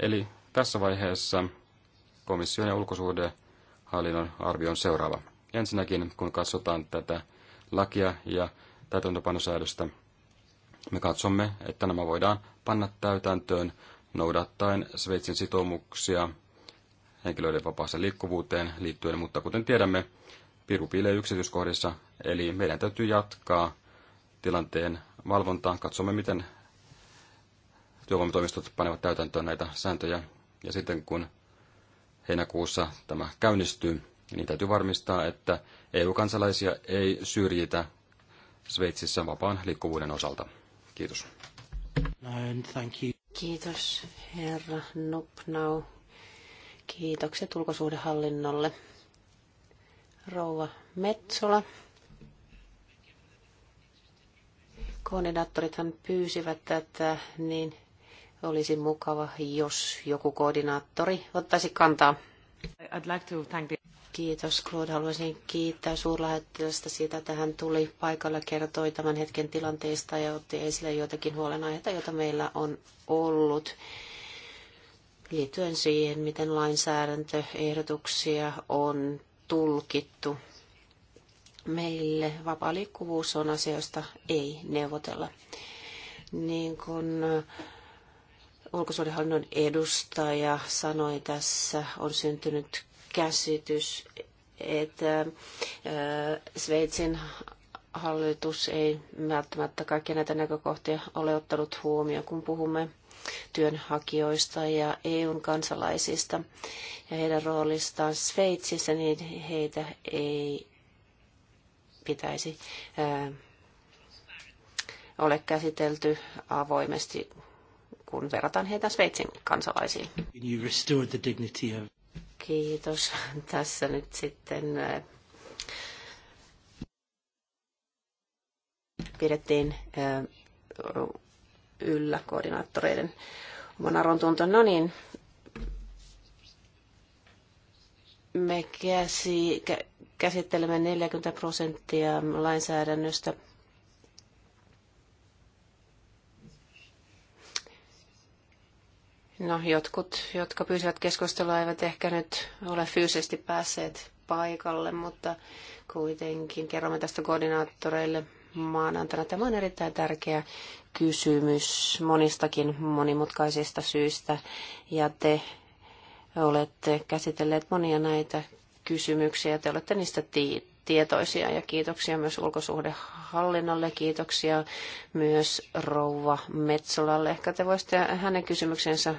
Eli tässä vaiheessa komission ja ulkosuhdehallinnon arvio on seuraava. Ensinnäkin, kun katsotaan tätä lakia ja täytäntöpanosäädöstä, me katsomme, että nämä voidaan panna täytäntöön noudattaen Sveitsin sitoumuksia henkilöiden vapaaseen liikkuvuuteen liittyen, mutta kuten tiedämme, piru piilee yksityiskohdissa, eli meidän täytyy jatkaa tilanteen valvontaan. Katsomme, miten työvoimatoimistot panevat täytäntöön näitä sääntöjä. Ja sitten kun heinäkuussa tämä käynnistyy, niin täytyy varmistaa, että EU-kansalaisia ei syrjitä Sveitsissä vapaan liikkuvuuden osalta. Kiitos. No, Kiitos, herra Nupnau. Kiitokset ulkosuhdehallinnolle. Rouva Metsola. koordinaattorithan pyysivät tätä, niin olisi mukava, jos joku koordinaattori ottaisi kantaa. I'd like to thank the... Kiitos Claude. Haluaisin kiittää suurlähettilästä siitä, että hän tuli paikalle, kertoi tämän hetken tilanteesta ja otti esille joitakin huolenaiheita, joita meillä on ollut liittyen siihen, miten lainsäädäntöehdotuksia on tulkittu Meille vapaa liikkuvuus on asia, josta ei neuvotella. Niin kuin äh, ulkosuudenhallinnon edustaja sanoi tässä, on syntynyt käsitys, että äh, Sveitsin hallitus ei välttämättä kaikkia näitä näkökohtia ole ottanut huomioon, kun puhumme työnhakijoista ja EUn kansalaisista ja heidän roolistaan Sveitsissä, niin heitä ei pitäisi ole käsitelty avoimesti, kun verrataan heitä Sveitsin kansalaisiin. Kiitos. *laughs* Tässä nyt sitten pidettiin yllä koordinaattoreiden oman arvon tunto. No niin, me käsi, käsittelemme 40 prosenttia lainsäädännöstä. No, jotkut, jotka pyysivät keskustelua, eivät ehkä nyt ole fyysisesti päässeet paikalle, mutta kuitenkin kerromme tästä koordinaattoreille maanantaina. Tämä on erittäin tärkeä kysymys monistakin monimutkaisista syistä, ja te olette käsitelleet monia näitä kysymyksiä. Te olette niistä tietoisia ja kiitoksia myös ulkosuhdehallinnolle. Kiitoksia myös rouva Metsolalle. Ehkä te voisitte hänen kysymyksensä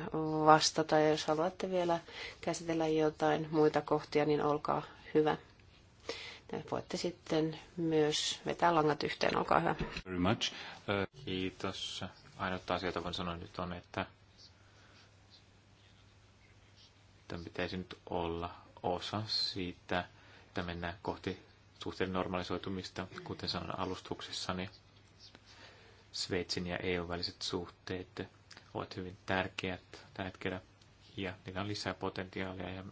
vastata ja jos haluatte vielä käsitellä jotain muita kohtia, niin olkaa hyvä. Te voitte sitten myös vetää langat yhteen, olkaa hyvä. Very much. Uh, kiitos. Ainoa asia, jota voin sanoa nyt on, että tämän pitäisi nyt olla osa siitä, että mennään kohti suhteen normalisoitumista, kuten sanoin alustuksessani. Sveitsin ja EU väliset suhteet ovat hyvin tärkeät tällä hetkellä ja niillä on lisää potentiaalia ja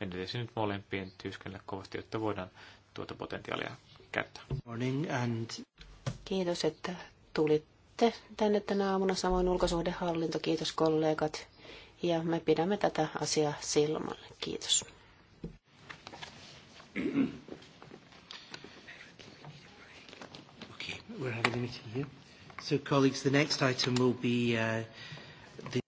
mennään nyt molempien työskennellä kovasti, jotta voidaan tuota potentiaalia käyttää. Kiitos, että tulitte tänne tänä aamuna. Samoin ulkosuhdehallinto, kiitos kollegat. Ja me pidämme tätä asiaa silmällä. Kiitos okay, we're having a meeting here. So colleagues, the next item will be uh, the...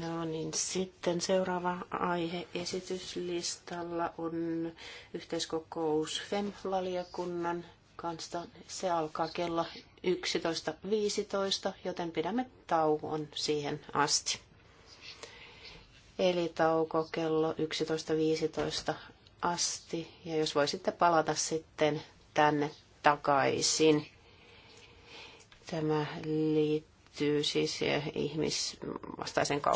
No niin, sitten seuraava aihe esityslistalla on yhteiskokous FEM-valiokunnan kanssa. Se alkaa kello 11.15, joten pidämme tauon siihen asti. Eli tauko kello 11.15 asti ja jos voisitte palata sitten tänne takaisin. Tämä liittyy siis ihmisvastaisen kauppaan.